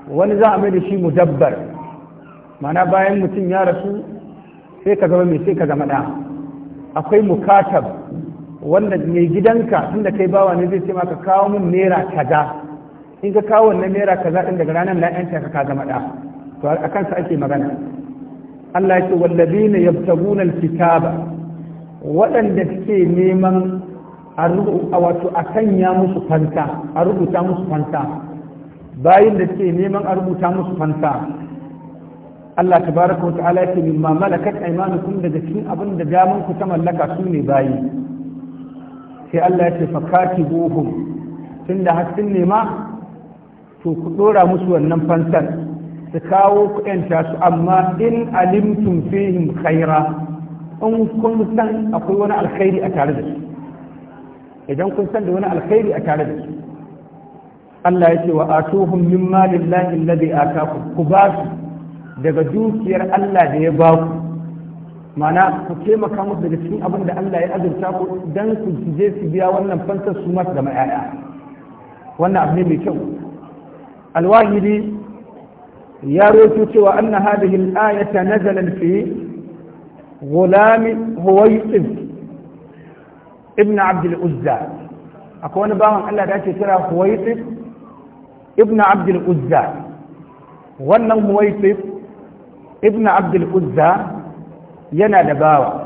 Speaker 1: wani za a mai da shi mudabbar mana bayan mutum ya rasu sai ka zama mai sai ka zama ɗa akwai mukatab wanda mai gidanka tunda kai bawa ne zai ce maka kawo min naira kaza in ka kawo wannan naira kaza din daga ranar na yanta ka ka zama ɗa to akan sa ake magana Allah ya ce wallazina yabtaguna alkitaba waɗanda suke neman a wato a sanya musu fanta a rubuta musu fanta bayin da suke neman a rubuta musu fanta Allah tabaraka wa ta'ala yake mimma malakat aymanukum daga cikin abin da daman ku ta mallaka su ne bayi sai Allah ya ce fakatibuhum tunda har sun nema to ku dora musu wannan fansan su kawo ku yanta su amma in alimtum fihim khaira in kun san akwai wani alkhairi a tare da su idan kun san da wani alkhairi a tare da su Allah ya ce wa atuhum min malillahi alladhi atakum ku ba su daga dukiyar Allah da ya ba ku mana ku taimaka musu daga cikin abin da Allah ya azurta ku dan ku je su biya wannan fansar su masu da ma'aya wannan abu ne mai kyau alwahiri يا رويتوك وأن هذه الآية نزل في غلام هويقف ابن عبد الأزى أكون باهم ألا داتي ترى هويقف ابن عبد الأزى وأن هويقف ابن عبد الأزى ينا لباوة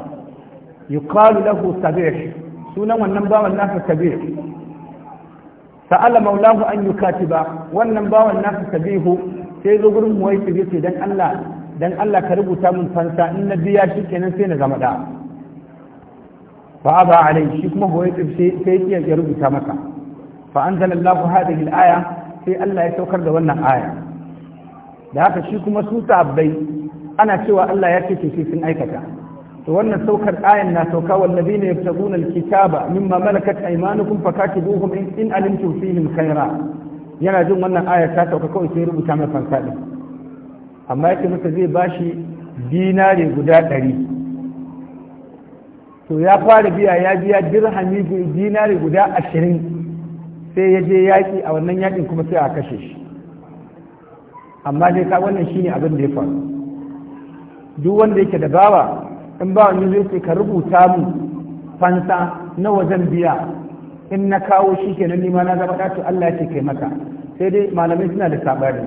Speaker 1: يقال له سبيح سونا وأن باوة الناس سبيح سأل مولاه أن يكاتب وأن باوة الناس سبيه sai zo gurin muwai su ce dan Allah dan Allah ka rubuta min fansa in na biya shi kenan sai na zama da fa aba alai shi kuma muwai sai sai ya rubuta maka fa anzalallahu hadhihi al-aya sai Allah ya saukar da wannan aya da haka shi kuma su sahabbai ana cewa Allah ya ce shi sun aikata to wannan saukar ayan na sauka wallazina yaktubuna al-kitaba mimma malakat aymanukum fakatibuhum in alimtum fihim khayra yana jin wannan ayar ta sauka kawai sai rubuta mai fansa ɗin amma yake masa zai bashi dinari guda ɗari to ya fara biya ya biya dirhami dinari guda ashirin sai ya je yaƙi a wannan yaƙin kuma sai a kashe shi amma dai ka wannan shine abin da ya faru duk wanda yake da bawa in bawan zai ce ka rubuta mu fansa na wajen biya in na kawo shi kenan nima na zama to Allah ce kai maka sai dai malamai suna da sabari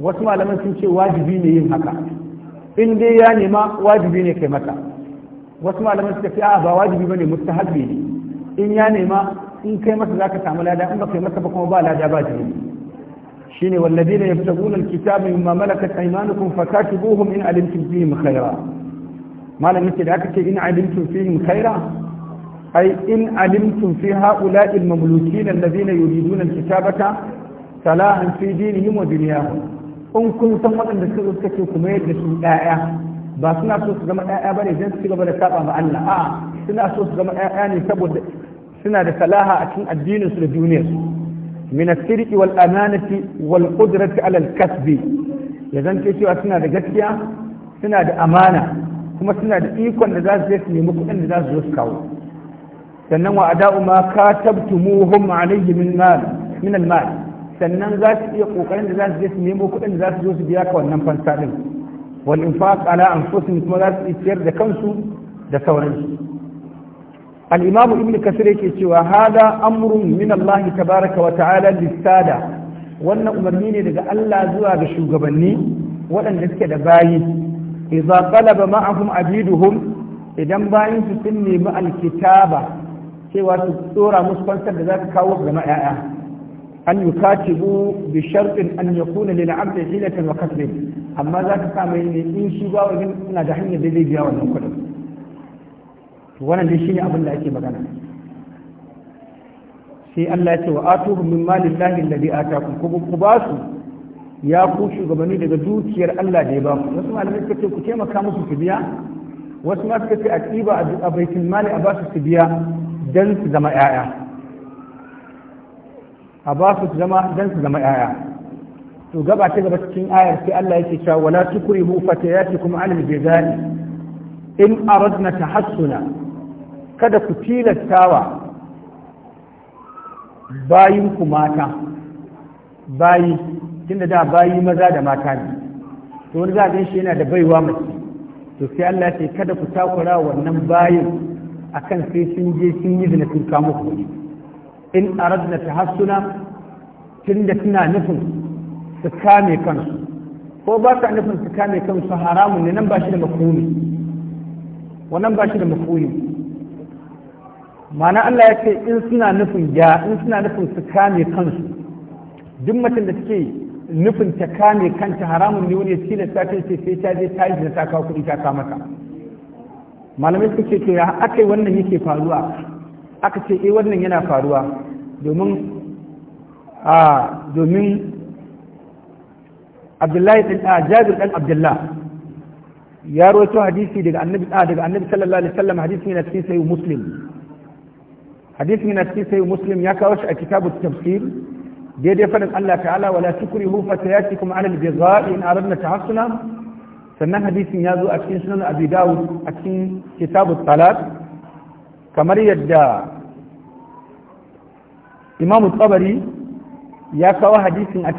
Speaker 1: wasu malaman sun ce wajibi ne yin haka in dai ya nema wajibi ne kai maka wasu malaman suka ce a ba wajibi bane mustahabbi ne in ya nema in kai masa zaka samu lada in ba kai masa ba kuma ba lada ba jini shine walladina yabtaguna alkitaba mimma malakat aymanukum fakatibuhum in alimtum fihim khaira malamin ce da aka ce in alimtum fihim khaira ai in alimtum fi ha'ula'il mamlukin allazina yuriduna alkitabata salahan fi dinihim wa dunyahum in kun san waɗanda suka suka ce kuma yadda su ɗaya ba suna so su zama ɗaya bane dan su gaba da saba ma Allah a'a suna so su zama ɗaya ne saboda suna da salaha a cikin addinin su da duniyar min as-sirqi wal amanati wal qudrati ala kasbi ya zance cewa suna da gaskiya suna da amana kuma suna da ikon da za su je su nemi kuɗin da za su zo su kawo sannan wa ada'u ma katabtumuhum alayhi min mal min al mal sannan za su iya kokarin da za su je nemo kuɗin da za su zo su biya ka wannan fansa din wal infaq ala anfusihim kuma za su ciyar da kansu da sauransu al imamu ibn kasir yake cewa hada amrun minallahi ta tabaraka wa ta'ala lisada wannan umarni ne daga Allah zuwa ga shugabanni waɗanda suke da bayi idza qalaba ma'ahum abiduhum idan bayan su sun nemi alkitaba cewa su tsora musu kwantar da za ka kawo ga ma'aya an yi bu bi sharɗin an yi kuna lila abda hilatan wa kasbe amma za ka yi ne in shi ba yin suna da hanyar da zai biya wannan kuɗin wannan dai shi ne abin da ake magana sai Allah ya ce wa atuhu min malillahi alladhi atakum ku ba su ya ku shugabanni daga dukiyar Allah da ya ba ku wasu malamai suka ce ku taimaka musu su biya wasu ma suka ce a tsiba a baitin mali a ba su su biya don su zama 'ya'ya a ba su zama don su zama 'ya'ya to gaba ta gaba cikin ayar sai Allah yake cewa wala tukrihu fatayatikum an al-jazai in aradna tahassuna kada ku tilastawa bayin ku mata bayi tunda da bayi maza da mata ne to wani za shi yana da baiwa mace to sai Allah ce kada ku takura wannan bayin akan sai sun je sun yi zina sun kamo kuɗi in aradna ta hassuna tun da suna nufin su kame kansu ko ba sa nufin su kame kansu haramun ne nan ba shi da makuni wannan ba shi da makuni ma'ana Allah ya ce in suna nufin ya in suna nufin su kame kansu duk mutum da take nufin ta kame kanta haramun ne wani ya tilasta kai sai ta je ta yi da ta kawo kuɗi ta kama ka malamai suka ce to ya aka wannan yake faruwa aka ce eh wannan yana faruwa domin a domin abdullahi ɗin a jabir ɗan abdullah ya rawaito hadisi daga annabi a daga annabi sallallahu alaihi wasallam hadisi yana cikin sayyid muslim hadisi yana cikin sayyid muslim ya kawo shi a kitabu tafsir daidai faɗin Allah ta'ala wala tukrihu fatayatikum ala al-bigha'i in ta tahassuna sannan hadisin ya zo a cikin sunan abu dawo a cikin kitabu talat kamar yadda imamu tsabari ya kawo hadisin a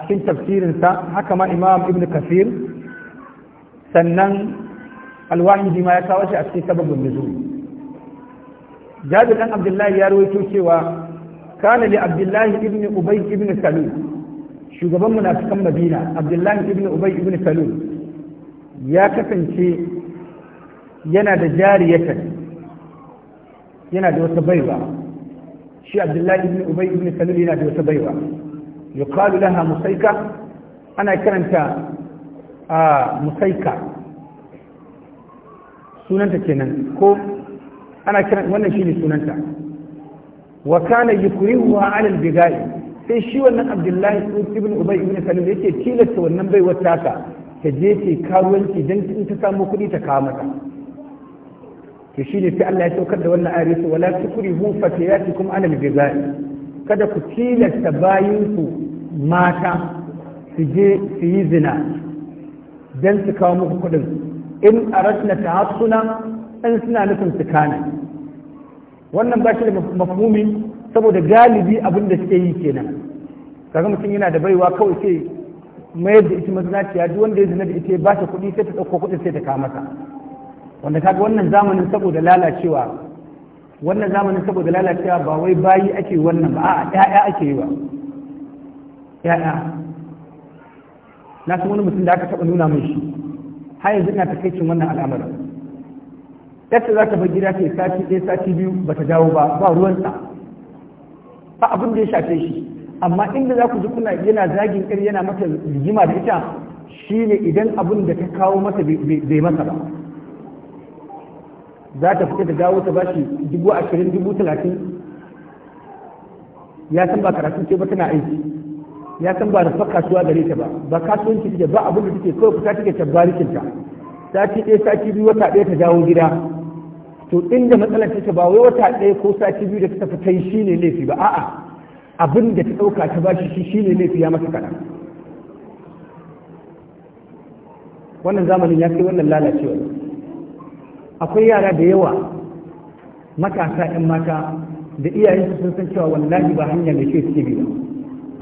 Speaker 1: cikin tafsirinsa haka ma imam ibn kafir sannan alwahidi ma ya kawo shi a cikin sababin da jabir dan abdullahi ya rawaito cewa kana li abdullahi ibn ubay ibn salul shugaban munafikan madina abdullahi ibn ubay ibn salul ya kasance yana da jariyata yana da wata baiwa shi abdullahi ibn ubay ibn salul yana da wata baiwa yuqalu laha musaika ana kiranta a musaika sunanta kenan ko ana kiran wannan shine sunanta wa kana yukrihuha ala albigai sai shi wannan abdullahi ibn ubay ibn salim yake tilasta wannan baiwar taka ta je ta karuwanci dan in ta samu kuɗi ta kawo mata to ne sai Allah ya saukar da wannan ayar yace wala tukrihu fatiyatikum ala al-ghizai kada ku tilasta bayinku mata su je su yi zina dan su kawo muku kuɗin in aratna tahassuna in suna nufin su kana wannan ba shi da mafumi saboda galibi abin da suke yi kenan kaga mutum yana da baiwa kawai sai mayar da ita mazinaciya duk wanda ya zina da ita ba ta kuɗi sai ta ɗauko kuɗin sai ta kawo masa wanda kaga wannan zamanin saboda lalacewa wannan zamanin saboda lalacewa ba wai bayi ake wannan ba a'a ƴaƴa ake yi wa ƴaƴa na san wani mutum da aka taɓa nuna mai shi har yanzu ina takaicin wannan al'amarin yadda za ta bar gida ta sati ɗaya sati biyu ba ta dawo ba ba ruwansa ba abin da ya shafe shi amma inda za ku ji kuna yana zagin ƙari yana mata rigima da ita shine idan abin da ta kawo masa bai masa ba za ta fita da dawo ta bashi dubu ashirin dubu talatin ya san ba karatu ce ba tana aiki ya san ba da kasuwa gare ta ba ba kasuwanci take ba abin da take kawai fita take tabbarikinta sati ɗaya sati biyu wata ɗaya ta dawo gida to inda matsalar take ba wai wata ɗaya ko sati biyu da ta tafi ta yi shine laifi ba a'a abin da ta ɗauka ta bashi shi shine laifi ya masa kaɗan wannan zamanin ya kai wannan lalacewa akwai yara da yawa matasa 'yan mata da iyayensu sun san cewa wallahi ba hanya mai kyau suke bi ba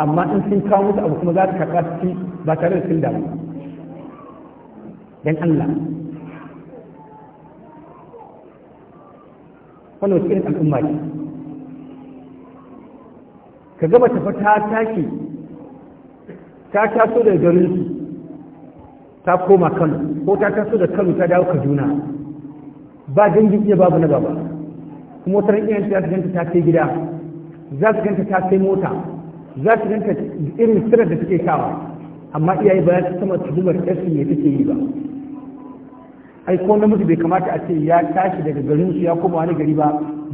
Speaker 1: amma in sun kawo musu abu kuma za su karɓa su ba tare da sun damu ba dan Allah wannan cikin al'umma ce ka gaba tafi ta tashi ta taso da garin ta koma kano ko ta taso da kano ta dawo kaduna ba dangin iya babu na baba kuma wata ran za ta ganta ta kai gida za su ganta ta kai mota za su ganta irin sirar da take kawa amma iyaye ba za su sama tuhumar ƙarfi ne take yi ba ai ko namiji bai kamata a ce ya tashi daga garin su ya koma wani gari ba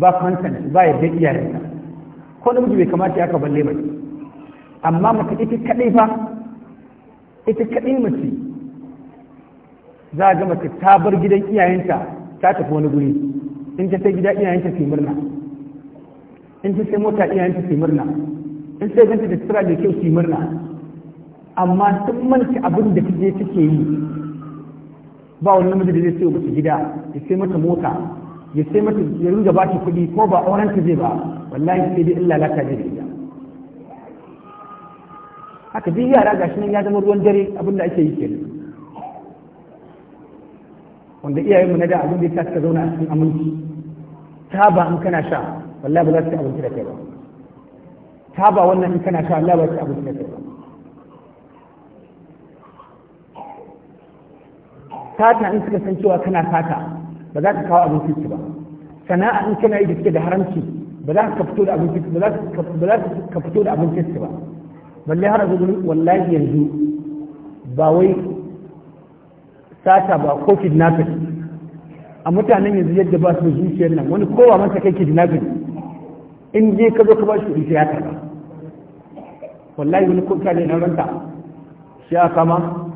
Speaker 1: ba consent ba ya ya iyayensa ko namiji bai kamata ya ka balle mace amma mace ita kadai fa ita kadai mace za a ga mace ta bar gidan iyayenta ta tafi wani guri in ta sai gida iyayenta su murna in ta sai mota iyayenta su murna in sai ganta da sura da kyau su murna amma sun manta abin da take ke yi ba wani namiji da zai sayo mata gida ya sai mata mota ya sai mata ya ringa ba kuɗi ko ba auren ta zai ba wallahi sai dai Allah lata ne da ita haka duk yara gashi nan ya zama ruwan dare abin da ake yi kenan wanda iyayenmu na da abin da ya suka zauna a cikin aminci ba in kana sha wallahi ba za su ci abinci da kai ba Ta ba wannan in kana sha wallahi ba za su ci abinci da kai ba sata in suka san cewa kana sata ba za ka kawo abin ba sana'a in kana yi da suke da haramci ba za ka fito da abin ba za ka fito da abin ba balle har yanzu wallahi yanzu ba wai sata ba ko kidnapping a mutanen yanzu yadda ba su zuciyar nan wani kowa masa kai kidnapping in je ka zo ka ba shi kuɗi ya wallahi wani kuka ne na ranta shi aka ma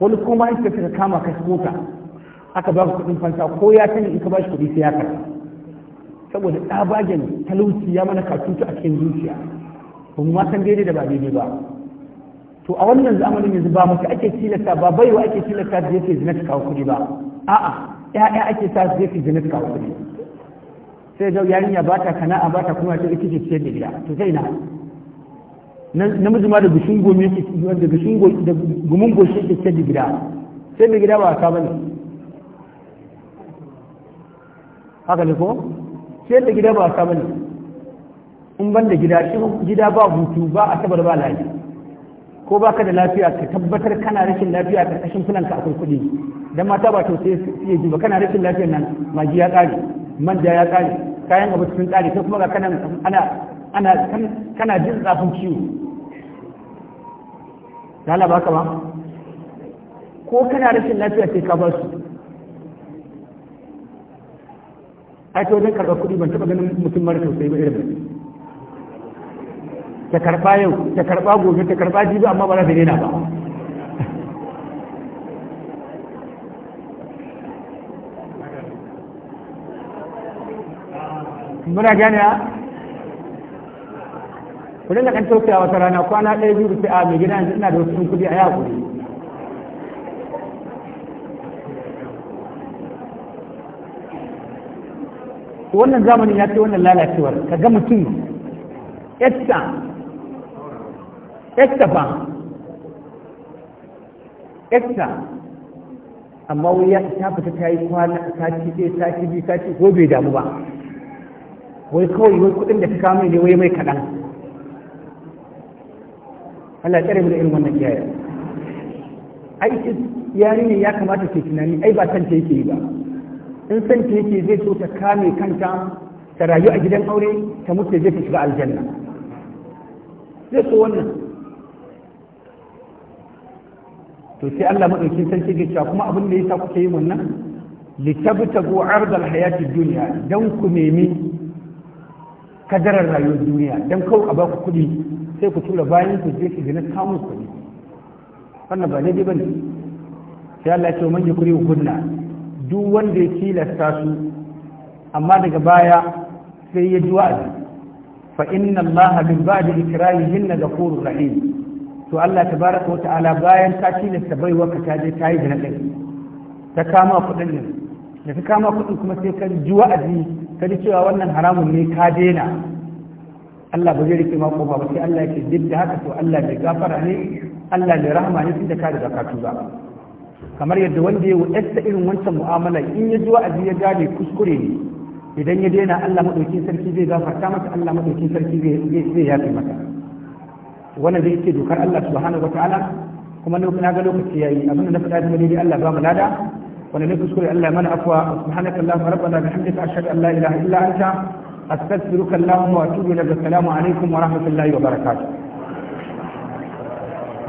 Speaker 1: wani kuma in suka kama ka mota aka ba ku kuɗin fansa ko ya sani in ka ba shi kuɗi sai ya karɓa saboda tsabagen talauci ya mana katutu a cikin zuciya ba mu ma san daidai da ba daidai ba to a wannan zamanin yanzu ba mace ake tilasta ba wa ake tilasta da yake zina kawo kuɗi ba a'a ƴaƴa ake sa su yake zina kawo kuɗi sai da yarinya ba ta sana'a ba ta kuma ta ce ciyar da gida to zai na namiji ma da gushin gomi ke da gushin da gumin goshi yake ce gida sai mai gida ba ka bane haka ne ko sai da gida ba ka bane in ban da gida shi gida ba hutu ba a sabar ba lafiya ko ba ka da lafiya ka tabbatar kana rashin lafiya a karkashin filan ka akwai kuɗi dan mata ba to sai ya ji ba kana rashin lafiyar nan maji ya kare manja ya kare kayan abu sun tsari sai kuma ga kana ana ana kana jin tsafin ciwo lala baka ba ko kana rashin lafiya sai ka ba su ai to wajen karɓar kudi ban taɓa ganin mutum mara sosai ba irin ta karɓa yau ta karɓa gobe ta karɓa jibi amma ba za ta daina ba muna gane ku dinga ɗan a wata rana kwana ɗaya biyu sai a mai gida yanzu ina da wasu ɗin kuɗi a ya
Speaker 2: wannan zamanin ya ce wannan
Speaker 1: lalacewar ka ga mutum esta esta ba esta amma wani ya ta fita ta yi kwana sati ɗaya sati biyu sati ko bai damu ba wai kawai wai kuɗin da ta kama ne wai mai kaɗan Allah ya mu da irin wannan kiyaye ai ne ya kamata ke tunani ai ba san yake ba in san yake zai so ta kame kanta ta rayu a gidan aure ta mutu zai ta shiga aljanna zai so wannan to sai Allah madaukin sarki ya cewa kuma abin da yasa kuke yin wannan litabtagu arda alhayati dunya dan ku nemi kadarar rayuwar duniya dan kawai a baku kuɗi sai ku tura bayan ku je ki gina kamun ku ne wannan ba daidai bane sai Allah ya ce man kunna duk wanda ya tilasta su amma daga baya sai ya ji wa'azi fa inna Allah min ba'di ikrahihin ghafurur rahim to Allah tabaraka wa ta'ala bayan ka tilasta bai waka ta je ta yi da kai ta kama kudin ne da ta kama kudin kuma sai ka ji wa'azi ka ji cewa wannan haramun ne ka daina Allah ba zai rike ma kofa ba sai Allah yake duk da haka to Allah mai gafara ne Allah mai rahama ne tunda ka riga ka tuba kamar yadda wanda ya wadda irin wancan mu'amala in ya ji wa'azi ya gane kuskure ne idan ya daina Allah madaukin sarki zai gafarta masa Allah madaukin sarki zai yafe masa wannan zai ce dokar Allah subhanahu wataala kuma na ga lokaci yayi abin da na faɗa da dai Allah ba mu lada wannan ne kuskure Allah ya mana afwa subhanaka allahumma rabbana bihamdika ashhadu an la ilaha illa anta astaghfiruka allahumma wa atubu ilaik assalamu alaikum wa rahmatullahi wa barakatuh